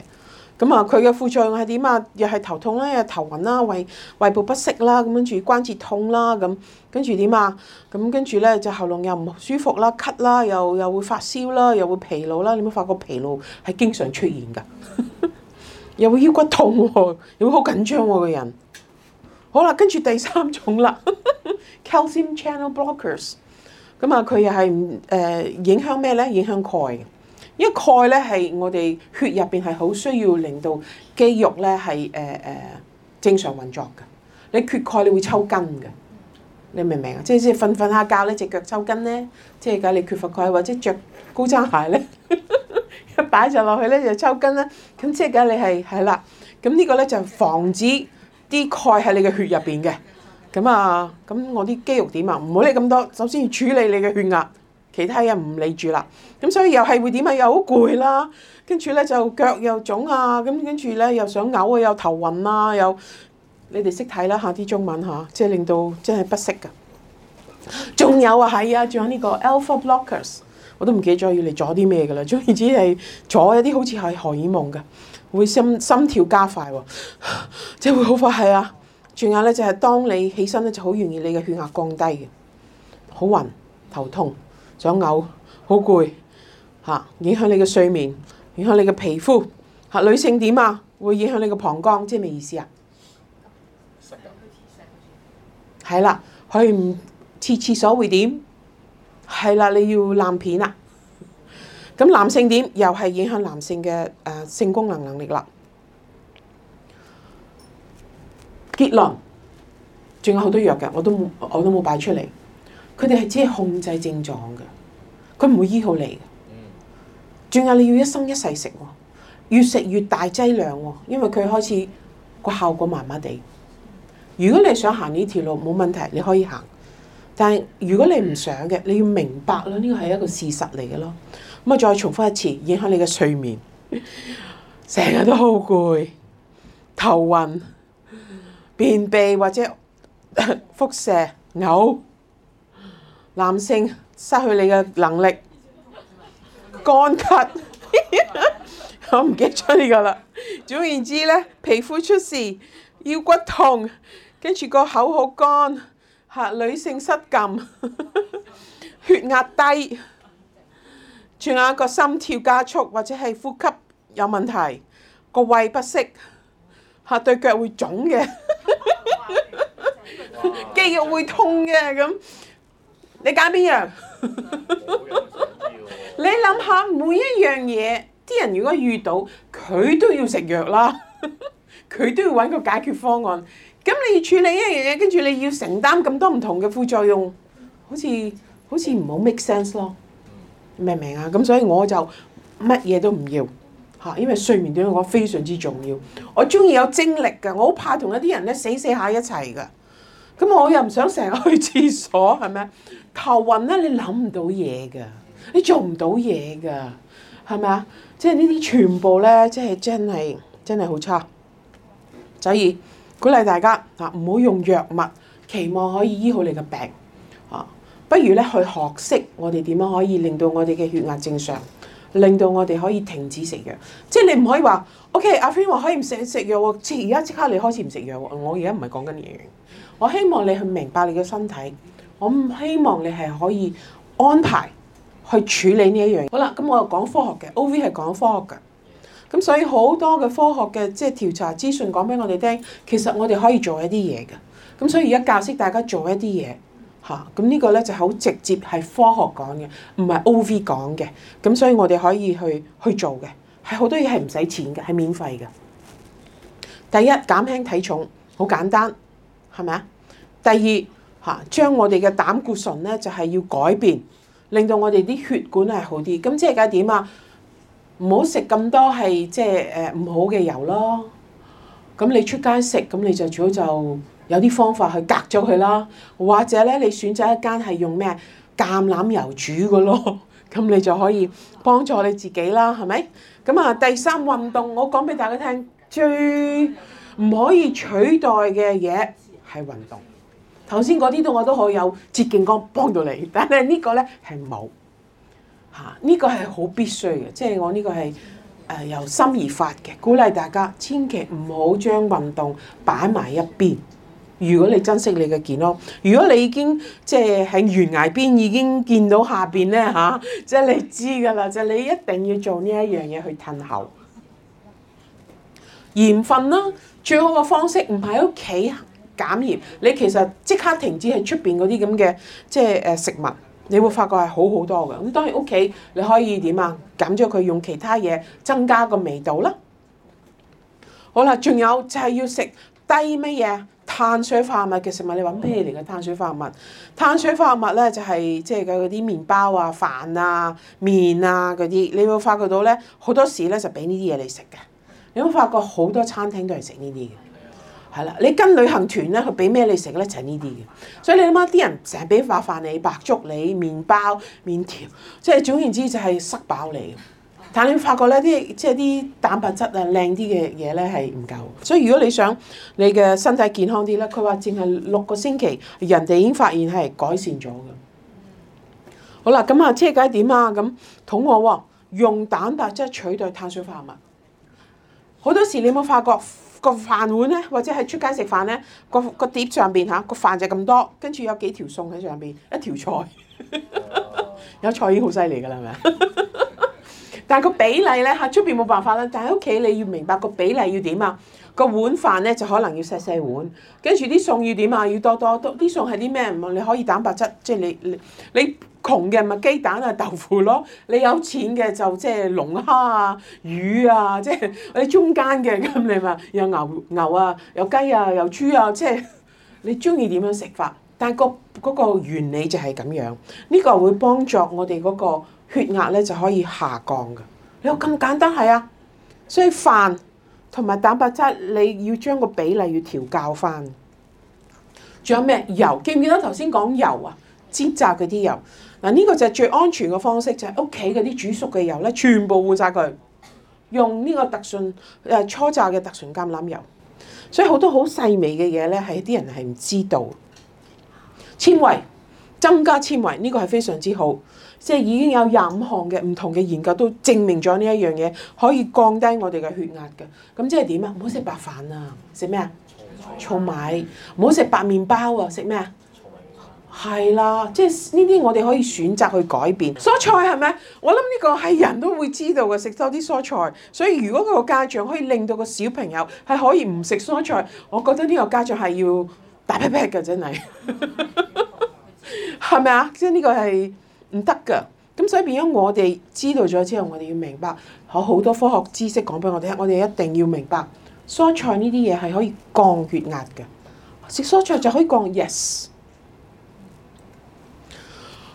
咁啊，佢嘅副作用係點啊？又係頭痛啦，又頭暈啦，胃胃部不適啦，咁跟住關節痛啦，咁跟住點啊？咁跟住咧就喉嚨又唔舒服啦，咳啦，又又會發燒啦，又會疲勞啦。你冇發覺疲勞係經常出現㗎？ 又會腰骨痛、啊，又會好緊張喎、啊，個人。好啦，跟住第三種啦。 Calcium channel blockers，咁啊佢又係誒影響咩咧？影響鈣，因為鈣咧係我哋血入邊係好需要令到肌肉咧係誒誒正常運作嘅。你缺鈣你會抽筋嘅，你明唔明啊？即係即係瞓瞓下覺咧，隻腳抽筋咧，即係㗎。你缺乏鈣或者着高踭鞋咧， 一擺就落去咧就抽筋啦。咁即係㗎，你係係啦。咁呢個咧就防止啲鈣喺你嘅血入邊嘅。咁啊，咁我啲肌肉點啊？唔好理咁多，首先要處理你嘅血壓，其他嘢唔理住啦。咁所以又係會點啊？又好攰啦，跟住咧就腳又腫啊，咁跟住咧又想嘔啊，又頭暈啊，又你哋識睇啦吓啲中文吓，即係令到真係不適噶。仲有啊，係啊，仲有呢個 alpha blockers，我都唔記咗要嚟阻啲咩噶啦，總言之係阻一啲好似係荷爾蒙嘅，會心心跳加快喎，即係會好快係啊。仲有咧就係當你起身咧就好容易你嘅血壓降低嘅，好暈、頭痛、想嘔、好攰嚇，影響你嘅睡眠，影響你嘅皮膚嚇、啊。女性點啊？會影響你嘅膀胱，即係咩意思啊？係、嗯、啦，去廁廁所會點？係啦，你要攬片啦、啊。咁男性點？又係影響男性嘅誒、呃、性功能能力啦。結論，仲有好多藥嘅，我都冇我都冇擺出嚟。佢哋係只係控制症狀嘅，佢唔會醫好你嘅。仲有你要一生一世食，越食越大劑量，因為佢開始個效果麻麻地。如果你想行呢條路，冇問題，你可以行。但係如果你唔想嘅，你要明白咯，呢個係一個事實嚟嘅咯。咁啊，再重複一次，影響你嘅睡眠，成日都好攰，頭暈。便秘或者輻射、嘔，男性失去你嘅能力，乾咳，我唔記得咗呢個啦。總言之呢，皮膚出事，腰骨痛，跟住個口好乾，吓，女性失禁，血壓低，仲有個心跳加速或者係呼吸有問題，個胃不適，吓，對腳會腫嘅。肌肉會痛嘅，咁你揀邊樣？你諗下每一樣嘢，啲人如果遇到佢都要食藥啦，佢都要揾個解決方案。咁你要處理一樣嘢，跟住你要承擔咁多唔同嘅副作用，好似好似唔好 make sense 咯。明唔明啊？咁所以我就乜嘢都唔要。因為睡眠對於我非常之重要，我中意有精力嘅，我好怕同一啲人咧死死下一齊嘅。咁我又唔想成日去廁所，係咪啊？頭暈咧，你諗唔到嘢嘅，你做唔到嘢嘅，係咪啊？即係呢啲全部咧，即係真係真係好差。所以鼓勵大家嚇，唔好用藥物期望可以醫好你嘅病。啊，不如咧去學識我哋點樣可以令到我哋嘅血壓正常。令到我哋可以停止食藥，即係你唔可以話，OK，阿芬話可以唔食食藥喎，而家即刻你開始唔食藥喎。我而家唔係講緊嘢，我希望你去明白你嘅身體，我唔希望你係可以安排去處理呢一樣。好啦，咁我又講科學嘅，OV 係講科學㗎，咁所以好多嘅科學嘅即係調查資訊講俾我哋聽，其實我哋可以做一啲嘢嘅，咁所以而家教識大家做一啲嘢。嚇，咁呢個咧就好直接，係科學講嘅，唔係 O.V 講嘅。咁所以我哋可以去去做嘅，係好多嘢係唔使錢嘅，係免費嘅。第一，減輕體重，好簡單，係咪啊？第二嚇，將我哋嘅膽固醇咧，就係要改變，令到我哋啲血管係好啲。咁即係點啊？唔好食咁多係即係誒唔好嘅油咯。咁你出街食，咁你就最好就。有啲方法去隔咗佢啦，或者咧你選擇一間係用咩橄欖油煮嘅咯，咁你就可以幫助你自己啦，係咪？咁啊，第三運動，我講俾大家聽，最唔可以取代嘅嘢係運動。頭先嗰啲都我都可以有捷徑講幫到你，但係呢個咧係冇嚇，呢、這個係好必須嘅，即、就、係、是、我呢個係誒由心而發嘅，鼓勵大家千祈唔好將運動擺埋一邊。如果你珍惜你嘅健康，如果你已經即係喺懸崖邊已經見到下邊咧嚇，即係你知㗎喇，就你一定要做呢一樣嘢去吞喉鹽分啦。最好嘅方式唔係喺屋企減鹽，你其實即刻停止喺出邊嗰啲咁嘅即係誒食物，你會發覺係好好多嘅。咁當然屋企你可以點啊，減咗佢用其他嘢增加個味道啦。好啦，仲有就係要食。低乜嘢碳水化合物嘅食物？你揾咩嚟嘅碳水化合物？碳水化合物咧就係、是、即係嗰啲麵包啊、飯啊、麵啊嗰啲。你有冇發覺到咧？好多時咧就俾呢啲嘢你食嘅。你有冇發覺好多餐廳都係食呢啲嘅？係啦，你跟旅行團咧，佢俾咩你食咧就係呢啲嘅。所以你諗下，啲人成日俾白飯你、白粥你、麵包、麵條，即係總言之就係塞飽你。但你發覺咧，啲即係啲蛋白質啊，靚啲嘅嘢咧係唔夠。所以如果你想你嘅身體健康啲咧，佢話淨係六個星期，人哋已經發現係改善咗嘅。好啦，咁啊即係點啊？咁肚餓喎，用蛋白質取代碳水化合物。好多時你冇發覺個飯碗咧，或者係出街食飯咧，個個碟上邊吓，個飯就咁多，跟住有幾條餸喺上邊，一條菜， 有菜已經好犀利噶啦，係咪？ 但係個比例咧吓出邊冇辦法啦。但係喺屋企你要明白個比例要點啊。個碗,碗飯咧就可能要細細碗，跟住啲餸要點啊，要多多多。啲餸係啲咩？唔你可以蛋白質，即係你你你窮嘅咪雞蛋啊、豆腐咯。你有錢嘅就即係龍蝦啊、魚啊，即係你中間嘅咁你嘛，有牛牛啊，有雞啊，有豬啊，即係你中意點樣食法。但係個嗰個原理就係咁樣，呢個會幫助我哋嗰個。血壓咧就可以下降嘅，你有咁簡單係啊！所以飯同埋蛋白質，你要將個比例要調較返。仲有咩油？記唔記得頭先講油啊？煎炸嗰啲油嗱，呢個就係最安全嘅方式，就係屋企嗰啲煮熟嘅油咧，全部換晒佢，用呢個特純誒初炸嘅特純橄欖油。所以好多好細微嘅嘢咧，係啲人係唔知道。纖維增加纖維，呢個係非常之好。即係已經有廿五項嘅唔同嘅研究都證明咗呢一樣嘢可以降低我哋嘅血壓嘅。咁即係點啊？唔好食白飯啊，食咩啊？糙米，唔好食白麵包啊，食咩啊？係啦，即係呢啲我哋可以選擇去改變。蔬菜係咪？我諗呢個係人都會知道嘅，食多啲蔬菜。所以如果個家長可以令到個小朋友係可以唔食蔬菜，我覺得呢個家長係要大劈劈嘅，真係。係咪啊？即係呢個係。唔得噶，咁所以變咗我哋知道咗之後，我哋要明白，有好多科學知識講俾我哋聽，我哋一定要明白蔬菜呢啲嘢係可以降血壓嘅，食蔬菜就可以降。Yes，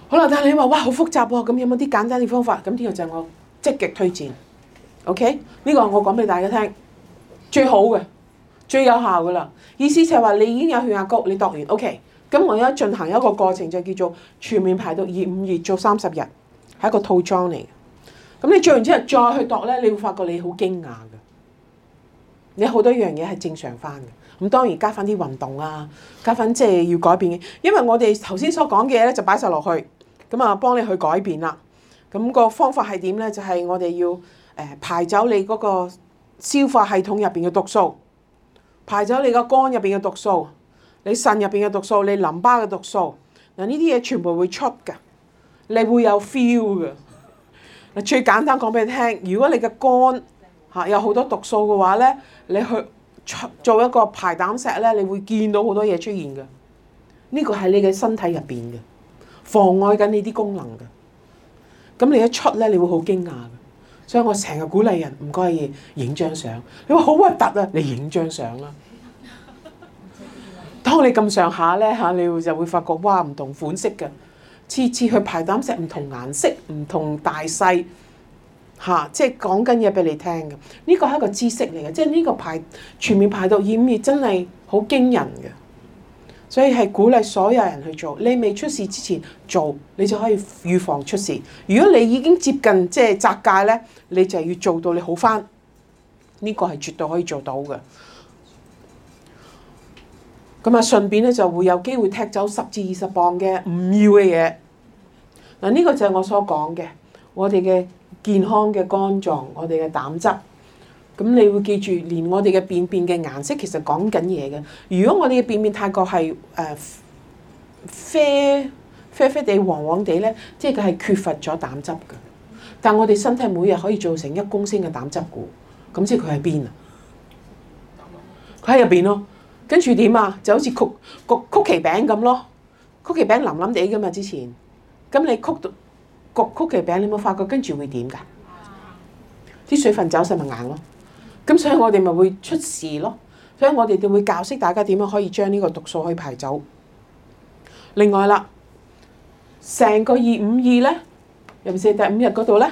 好啦，但係你話哇好複雜喎，咁有冇啲簡單嘅方法？咁呢個就係我積極推薦。OK，呢個我講俾大家聽，最好嘅、最有效噶啦，意思就係話你已經有血壓高，你讀完 OK。咁我而家進行一個過程，就叫做全面排毒。二五月做三十日，係一個套裝嚟嘅。咁你做完之後再去度咧，你會發覺你好驚訝嘅。你好多樣嘢係正常翻嘅。咁當然加翻啲運動啦，加翻即係要改變嘅。因為我哋頭先所講嘅嘢咧，就擺晒落去，咁啊幫你去改變啦。咁個方法係點咧？就係誒我哋要排走你嗰個消化系統入面嘅毒素，排走你個肝入面嘅毒素。你腎入邊嘅毒素，你淋巴嘅毒素，嗱，呢啲嘢全部會出嘅，你會有 feel 嘅。嗱，最簡單講俾你聽，如果你嘅肝嚇有好多毒素嘅話咧，你去做一個排膽石咧，你會見到好多嘢出現嘅。呢個係你嘅身體入邊嘅，妨礙緊你啲功能嘅。咁你一出咧，你會好驚訝嘅。所以我成日鼓勵人唔該要影張相，你話好核突啊，你影張相啦。當你咁上下咧嚇，你會就會發覺哇，唔同款式嘅，次次去排膽石唔同顏色，唔同大細，嚇、啊，即係講緊嘢俾你聽嘅。呢、這個係一個知識嚟嘅，即係呢個排全面排毒掩滅真係好驚人嘅。所以係鼓勵所有人去做。你未出事之前做，你就可以預防出事。如果你已經接近即係窄界咧，你就係要做到你好返。呢、這個係絕對可以做到嘅。咁啊，順便咧就會有機會踢走十至二十磅嘅唔要嘅嘢。嗱，呢個就係我所講嘅，我哋嘅健康嘅肝臟，我哋嘅膽汁。咁你會記住，連我哋嘅便便嘅顏色其實講緊嘢嘅。如果我哋嘅便便太過係誒啡啡啡地、黃黃地咧，即係佢係缺乏咗膽汁嘅。但我哋身體每日可以做成一公升嘅膽汁嘅，咁即係佢喺邊啊？佢喺入邊咯。跟住點啊？就好似焗焗焗曲奇餅咁咯，曲奇餅腍腍地㗎嘛之前。咁你焗到個曲奇餅，你有冇發覺跟住會點㗎？啲水分走晒咪硬咯。咁所以我哋咪會出事咯。所以我哋就會教識大家點樣可以將呢個毒素可以排走。另外啦，成個二五二咧，尤其係第五日嗰度咧，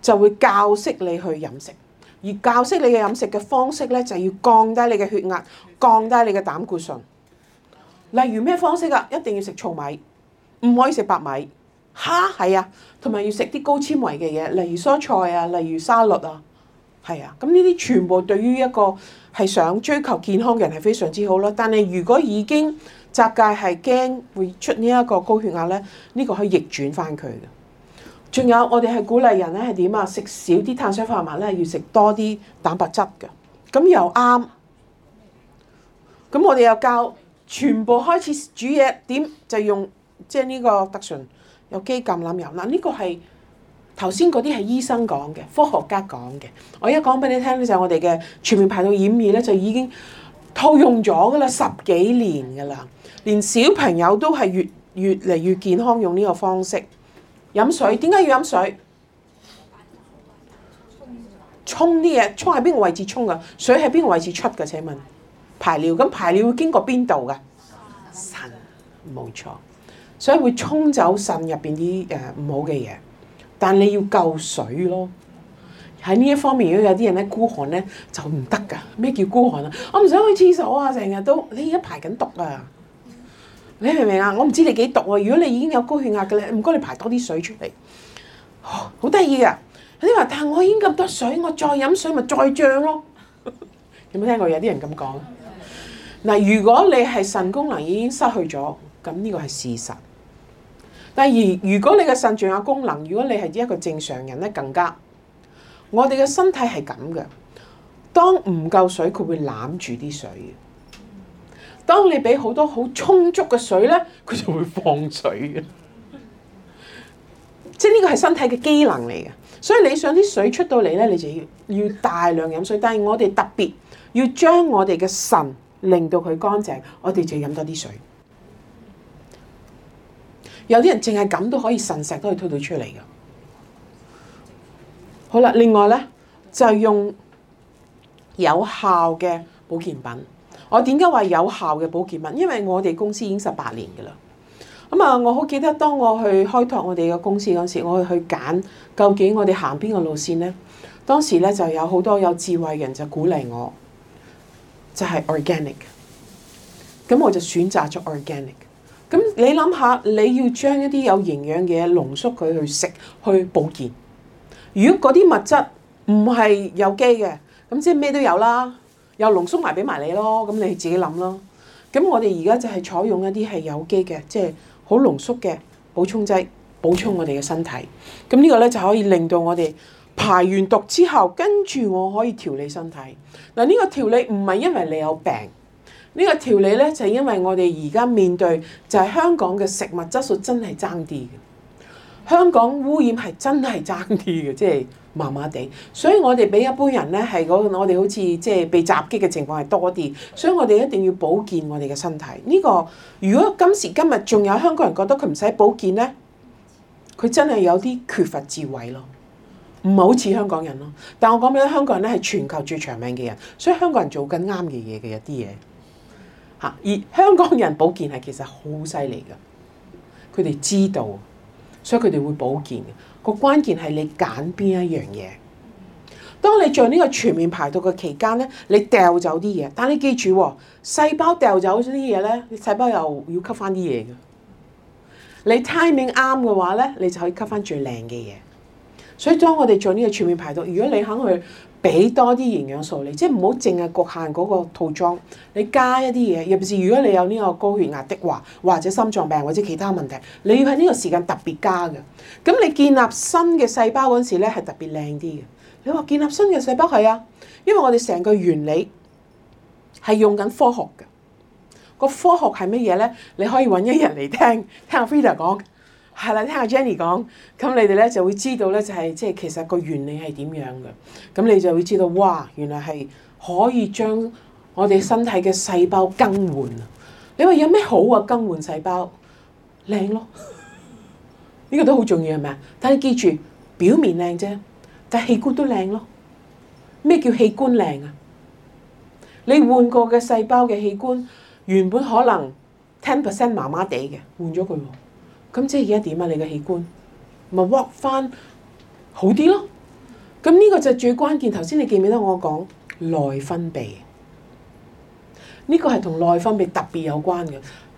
就會教識你去飲食。而教識你嘅飲食嘅方式咧，就係要降低你嘅血壓，降低你嘅膽固醇。例如咩方式㗎？一定要食糙米，唔可以食白米。哈，係啊，同埋要食啲高纖維嘅嘢，例如蔬菜啊，例如沙律啊，係啊。咁呢啲全部對於一個係想追求健康嘅人係非常之好咯。但係如果已經習慣係驚會出呢一個高血壓咧，呢個可以逆轉翻佢嘅。仲有我哋係鼓勵人咧係點啊？食少啲碳水化合物咧，要食多啲蛋白質嘅。咁又啱。咁我哋又教全部開始煮嘢點就用即係呢個特純有機橄欖油。嗱、啊、呢、呢個係頭先嗰啲係醫生講嘅、科學家講嘅。我而家講俾你聽咧，就係、我哋嘅全面排毒掩耳咧，就已經套用咗噶啦，十幾年噶啦，連小朋友都係越越嚟越健康，用呢個方式。飲水點解要飲水？沖啲嘢，沖喺邊個位置沖噶？水喺邊個位置出嘅？請問排尿，咁排尿會經過邊度嘅？腎，冇錯，所以會沖走腎入邊啲誒唔好嘅嘢。但你要夠水咯。喺呢一方面，如果有啲人咧孤寒咧就唔得㗎。咩叫孤寒啊？我唔想去廁所啊，成日都，你而家排緊毒啊！你明唔明啊？我唔知你幾毒啊。如果你已經有高血壓嘅咧，唔該你排多啲水出嚟，好得意嘅。你話但係我飲咁多水，我再飲水咪再漲咯？ 有冇聽過有啲人咁講？嗱、嗯，如果你係腎功能已經失去咗，咁呢個係事實。但係如果你嘅腎仲有功能，如果你係一個正常人咧，更加，我哋嘅身體係咁嘅，當唔夠水佢會攬住啲水。當你俾好多好充足嘅水咧，佢就會放水嘅。 即係呢個係身體嘅機能嚟嘅，所以你想啲水出到嚟咧，你就要要大量飲水。但係我哋特別要將我哋嘅腎令到佢乾淨，我哋就要飲多啲水。有啲人淨係咁都可以腎石都可以推到出嚟嘅。好啦，另外咧就係用有效嘅保健品。我點解話有效嘅保健品？因為我哋公司已經十八年㗎喇。咁啊，我好記得當我去開拓我哋嘅公司嗰時，我去去揀究竟我哋行邊個路線呢？當時咧就有好多有智慧人就鼓勵我，就係 organic。咁我就選擇咗 organic。咁你諗下，你要將一啲有營養嘅嘢濃縮佢去食去保健，如果嗰啲物質唔係有機嘅，咁即係咩都有啦。又濃縮埋俾埋你咯，咁你自己諗咯。咁我哋而家就係採用一啲係有機嘅，即係好濃縮嘅補充劑，補充我哋嘅身體。咁呢個咧就可以令到我哋排完毒之後，跟住我可以調理身體。嗱，呢個調理唔係因為你有病，這個、呢個調理咧就係、是、因為我哋而家面對就係香港嘅食物質素真係爭啲嘅，香港污染係真係爭啲嘅，即係，麻麻地，所以我哋比一般人咧係我哋好似即係被襲擊嘅情況係多啲，所以我哋一定要保健我哋嘅身體。呢個如果今時今日仲有香港人覺得佢唔使保健咧，佢真係有啲缺乏智慧咯，唔係好似香港人咯。但我講俾你聽，香港人咧係全球最長命嘅人，所以香港人做緊啱嘅嘢嘅一啲嘢嚇，而香港人保健係其實好犀利嘅，佢哋知道，所以佢哋會保健嘅。個關鍵係你揀邊一樣嘢。當你做呢個全面排毒嘅期間咧，你掉走啲嘢，但係你記住，細胞掉走啲嘢咧，細胞又要吸翻啲嘢嘅。你 timing 啱嘅話咧，你就可以吸翻最靚嘅嘢。所以當我哋做呢個全面排毒，如果你肯去。俾多啲營養素你，即係唔好淨係局限嗰個套裝，你加一啲嘢。尤其是如果你有呢個高血壓的，的話，或者心臟病或者其他問題，你要喺呢個時間特別加嘅。咁你建立新嘅細胞嗰陣時咧，係特別靚啲嘅。你話建立新嘅細胞係啊，因為我哋成個原理係用緊科學嘅。個科學係乜嘢咧？你可以揾一人嚟聽，聽阿 Frida 講。係啦，聽下 Jenny 講，咁你哋咧就會知道咧，就係即係其實個原理係點樣嘅。咁你就會知道，哇，原來係可以將我哋身體嘅細胞更換。你話有咩好啊？更換細胞靚咯，呢個都好重要係咪啊？但係記住，表面靚啫，但器官都靚咯。咩叫器官靚啊？你換過嘅細胞嘅器官，原本可能 ten percent 麻麻地嘅，換咗佢喎。咁即係而家點啊？你嘅器官咪 work 翻好啲咯？咁呢個就係最關鍵。頭先你記唔記得我講內分泌？呢個係同內分泌特別有關嘅。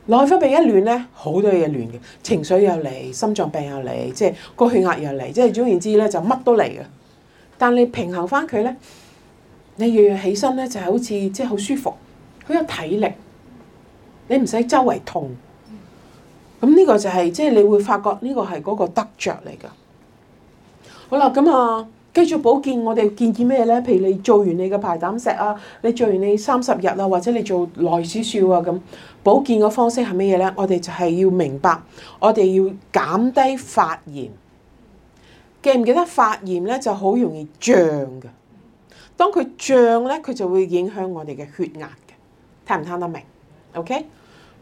內分泌一亂咧，好多嘢亂嘅，情緒又嚟，心臟病又嚟，即係高血壓又嚟，即係總言之咧，就乜都嚟嘅。但你平衡翻佢咧，你日日起身咧就係好似即係好舒服，好有體力，你唔使周圍痛。咁呢個就係即係你會發覺呢個係嗰個得著嚟噶。好啦，咁啊，繼續保健，我哋建議咩咧？譬如你做完你嘅排膽石啊，你做完你三十日啊，或者你做耐少少啊咁，保健嘅方式係咩咧？我哋就係要明白，我哋要減低發炎。記唔記得發炎咧就好容易脹㗎。當佢脹咧，佢就會影響我哋嘅血壓嘅。聽唔聽得明？OK，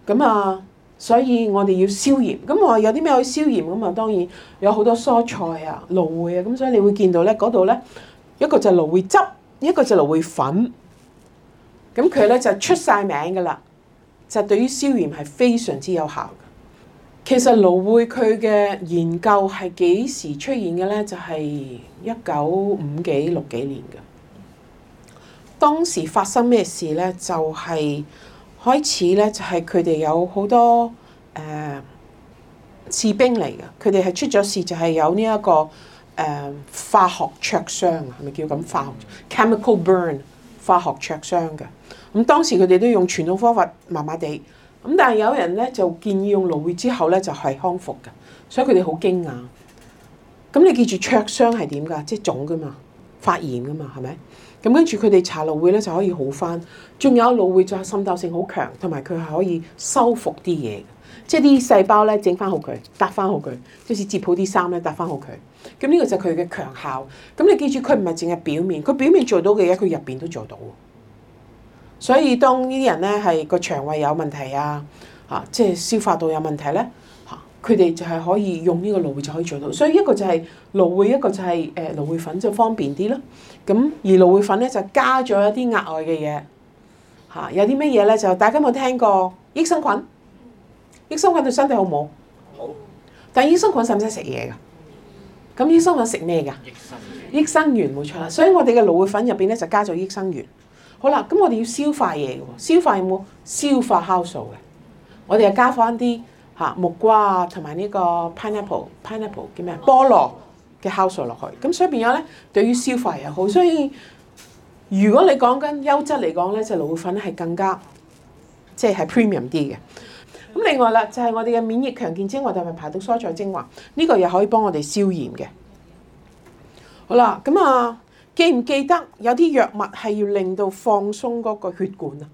咁啊。所以我哋要消炎，咁我有啲咩可以消炎咁啊？當然有好多蔬菜啊、蘆薈啊，咁所以你會見到咧嗰度咧，一個就蘆薈汁，一個就蘆薈粉，咁佢咧就出晒名噶啦，就對於消炎係非常之有效嘅。其實蘆薈佢嘅研究係幾時出現嘅咧？就係一九五幾、六幾年嘅。當時發生咩事咧？就係、是。開始咧就係佢哋有好多誒、呃、士兵嚟嘅，佢哋係出咗事就係有呢、這、一個誒、呃、化學灼傷係咪叫咁化學 chemical burn 化學灼傷嘅？咁當時佢哋都用傳統方法麻麻地，咁但係有人咧就建議用蘆薈之後咧就係康復嘅，所以佢哋好驚訝。咁你記住灼傷係點㗎？即係腫㗎嘛，發炎㗎嘛，係咪？咁跟住佢哋搽蘆薈咧就可以好翻，仲有蘆薈就係滲透性好強，同埋佢係可以修復啲嘢，即係啲細胞咧整翻好佢，搭翻好佢，即係接好啲衫咧搭翻好佢。咁、這、呢個就係佢嘅強效。咁你記住佢唔係淨係表面，佢表面做到嘅嘢，佢入邊都做到。所以當呢啲人咧係個腸胃有問題啊，即係消化道有問題咧。佢哋就係可以用呢個蘆薈就可以做到，所以一個就係蘆薈，一個就係誒蘆薈粉就方便啲咯。咁而蘆薈粉咧就加咗一啲額外嘅嘢嚇，有啲咩嘢咧？就大家有冇聽過益生菌？益生菌對身體好冇？好。但係益生菌使唔使食嘢㗎？咁益生菌食咩㗎？益生元，益生元冇錯啦。所以我哋嘅蘆薈粉入邊咧就加咗益生元。好啦，咁我哋要消化嘢嘅，消化有冇消化酵素嘅？我哋係加翻啲。嚇，木瓜啊，同埋呢個 pineapple，pineapple Pineapple 叫咩？菠蘿嘅酵素落去，咁所以變咗咧，對於消化又好。所以如果你講緊優質嚟講咧，就蘆薈粉係更加即係係 premium 啲嘅。咁另外啦，就係我哋嘅免疫強健精華同埋排毒蔬菜精華，呢個又可以幫我哋消炎嘅。好啦，咁啊，記唔記得有啲藥物係要令到放鬆嗰個血管啊？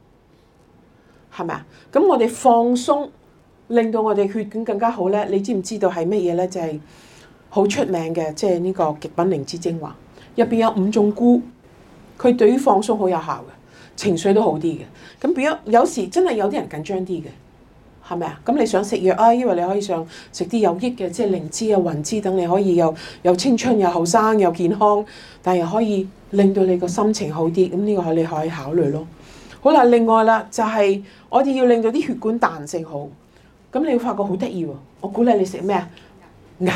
係咪啊？咁我哋放鬆。令到我哋血管更加好咧，你知唔知道係乜嘢咧？就係好出名嘅，即係呢個極品靈芝精華，入邊有五種菇，佢對於放鬆好有效嘅，情緒都好啲嘅。咁變咗有時真係有啲人緊張啲嘅，係咪啊？咁你想食藥啊？因為你可以想食啲有益嘅，即係靈芝啊、雲芝等，你可以有，有青春又後生又健康，但係又可以令到你個心情好啲。咁呢個可你可以考慮咯。好啦，另外啦，就係我哋要令到啲血管彈性好。咁你會發覺好得意喎！我鼓勵你食咩啊？眼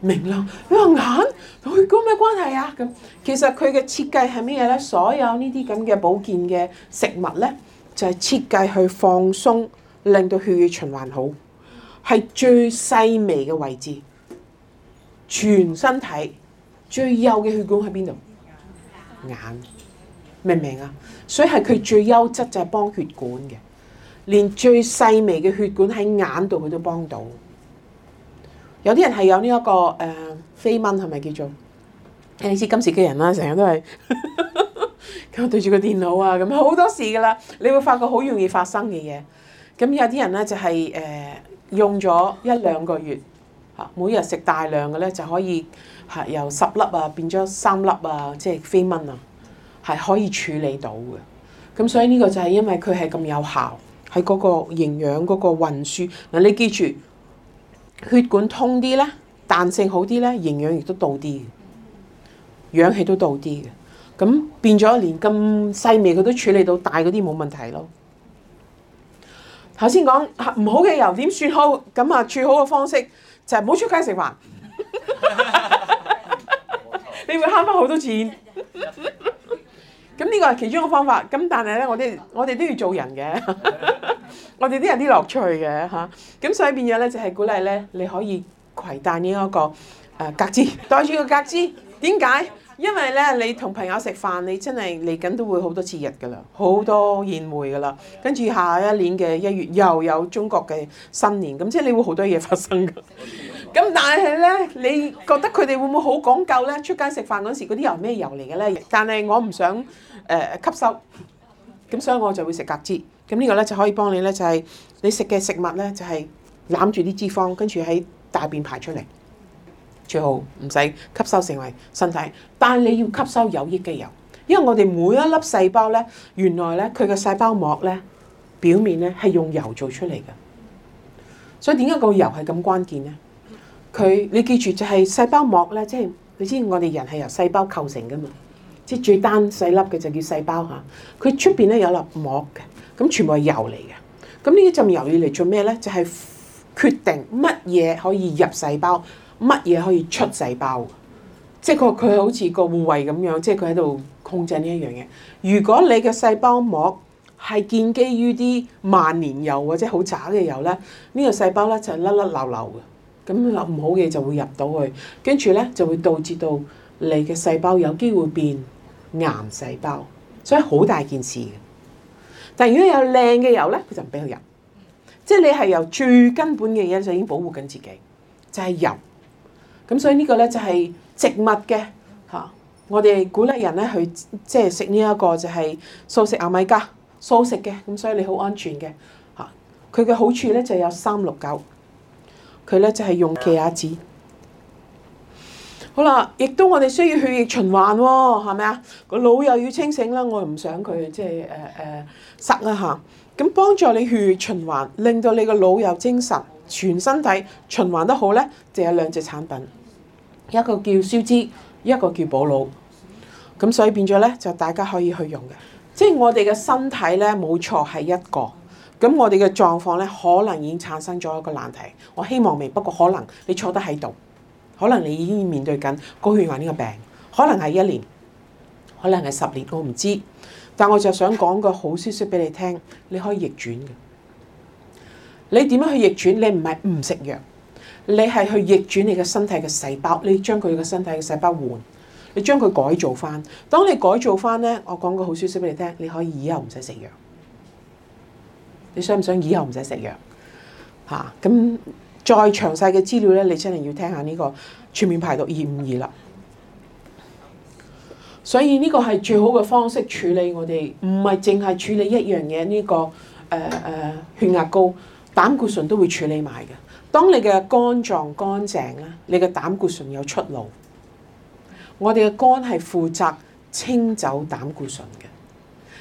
明亮，你話眼同血管有咩關係啊？咁其實佢嘅設計係咩嘢咧？所有呢啲咁嘅保健嘅食物咧，就係設計去放鬆，令到血液循環好，係最細微嘅位置，全身體最幼嘅血管喺邊度？眼明唔明啊？所以係佢最優質，就係幫血管嘅。連最細微嘅血管喺眼度，佢都幫到有些有、這個。有啲人係有呢一個誒飛蚊，係咪叫做？你知今時嘅人啦，成日都係咁對住個電腦啊，咁好多事噶啦。你會發覺好容易發生嘅嘢。咁有啲人咧就係、是、誒、呃、用咗一兩個月嚇，每日食大量嘅咧就可以係由十粒啊變咗三粒啊，即係飛蚊啊，係可以處理到嘅。咁所以呢個就係因為佢係咁有效。喺嗰個營養嗰個運輸嗱，你記住血管通啲咧，彈性好啲咧，營養亦都到啲嘅，氧氣都到啲嘅，咁變咗連咁細微佢都處理到，大嗰啲冇問題咯。頭先講唔好嘅油點算好？咁啊，最好嘅方式就係唔好出街食飯， 你會慳翻好多錢。 咁呢個係其中一個方法，咁但係咧，我哋我哋都要做人嘅， 我哋都有啲樂趣嘅嚇。咁、啊、所以變咗咧，就係、是、鼓勵咧，你可以攜帶呢、這、一個誒格子，帶住個格子。點解？因為咧，你同朋友食飯，你真係嚟緊都會好多節日噶啦，好多宴會噶啦，跟住下一年嘅一月又有中國嘅新年，咁即係你會好多嘢發生㗎。 咁但係咧，你覺得佢哋會唔會好講究咧？出街食飯嗰時，嗰啲油係咩油嚟嘅咧？但係我唔想誒、呃、吸收，咁所以我就會食隔脂。咁呢個咧就可以幫你咧，就係、是、你食嘅食物咧，就係攬住啲脂肪，跟住喺大便排出嚟，最好唔使吸收成為身體。但係你要吸收有益嘅油，因為我哋每一粒細胞咧，原來咧佢嘅細胞膜咧表面咧係用油做出嚟嘅，所以點解個油係咁關鍵咧？佢你記住就係細胞膜咧，即係你知我哋人係由細胞構成噶嘛？即係最單細粒嘅就叫細胞嚇。佢出邊咧有粒膜嘅，咁全部係油嚟嘅。咁呢一浸油要嚟做咩咧？就係決定乜嘢可以入細胞，乜嘢可以出細胞。即係個佢好似個護衛咁樣，即係佢喺度控制呢一樣嘢。如果你嘅細胞膜係建基於啲萬年油或者好渣嘅油咧，呢個細胞咧就甩甩漏漏嘅。咁有唔好嘅就會入到去，跟住咧就會導致到你嘅細胞有機會變癌細胞，所以好大件事嘅。但係如果有靚嘅油咧，佢就唔俾佢入，即係你係由最根本嘅因素已經保護緊自己，就係油。咁所以呢個咧就係植物嘅嚇，我哋鼓勵人咧去即係食呢一個就係素食亞米加素食嘅，咁所以你好安全嘅嚇。佢嘅好處咧就有三六九。佢咧就係、是、用奇亞籽，好啦，亦都我哋需要血液循環喎、哦，係咪啊？個腦又要清醒啦，我又唔想佢即係誒誒塞啊嚇。咁、呃、幫助你血液循環，令到你個腦又精神，全身體循環得好咧，就有兩隻產品，一個叫消脂，一個叫補腦。咁所以變咗咧，就大家可以去用嘅。即、就、係、是、我哋嘅身體咧，冇錯係一個。咁我哋嘅狀況咧，可能已經產生咗一個難題。我希望未，不過可能你坐得喺度，可能你已經面對緊高血壓呢個病，可能係一年，可能係十年，我唔知。但我就想講個好消息俾你聽，你可以逆轉嘅。你點樣去逆轉？你唔係唔食藥，你係去逆轉你嘅身體嘅細胞，你將佢嘅身體嘅細胞換，你將佢改造翻。當你改造翻咧，我講個好消息俾你聽，你可以以後唔使食藥。你想唔想以後唔使食藥？吓、啊？咁再詳細嘅資料咧，你真係要聽下呢個全面排毒252啦？所以呢個係最好嘅方式處理我哋，唔係淨係處理一樣嘢。呢、這個誒誒、呃，血壓高、膽固醇都會處理埋嘅。當你嘅肝臟乾淨咧，你嘅膽固醇有出路。我哋嘅肝係負責清走膽固醇嘅，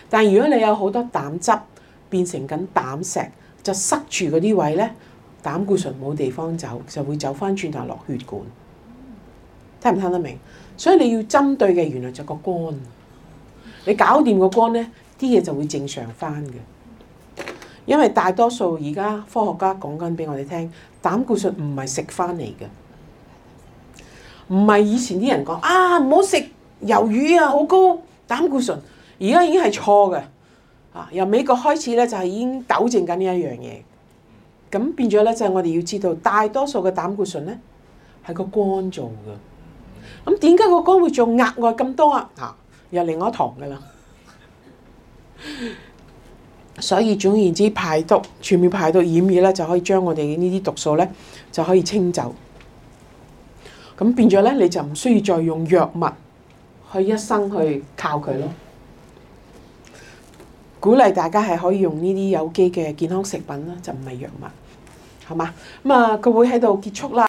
但如果你有好多膽汁。變成緊膽石就塞住嗰啲位呢，膽固醇冇地方走，就會走翻轉頭落血管，聽唔聽得明？所以你要針對嘅原來就個肝，你搞掂個肝呢，啲嘢就會正常翻嘅。因為大多數而家科學家講緊俾我哋聽，膽固醇唔係食翻嚟嘅，唔係以前啲人講啊，唔好食魷魚啊，好高膽固醇，而家已經係錯嘅。由美國開始咧，就係已經糾正緊呢一樣嘢。咁變咗咧，就係我哋要知道大多數嘅膽固醇咧係個肝做嘅。咁點解個肝會做額外咁多啊？啊，又另一堂噶啦。 所以總言之，排毒全面排毒掩耳咧，就可以將我哋嘅呢啲毒素咧就可以清走。咁變咗咧，你就唔需要再用藥物去一生去靠佢咯。鼓勵大家係可以用呢啲有機嘅健康食品啦，就唔係藥物，好嘛？咁啊，個會喺度結束啦。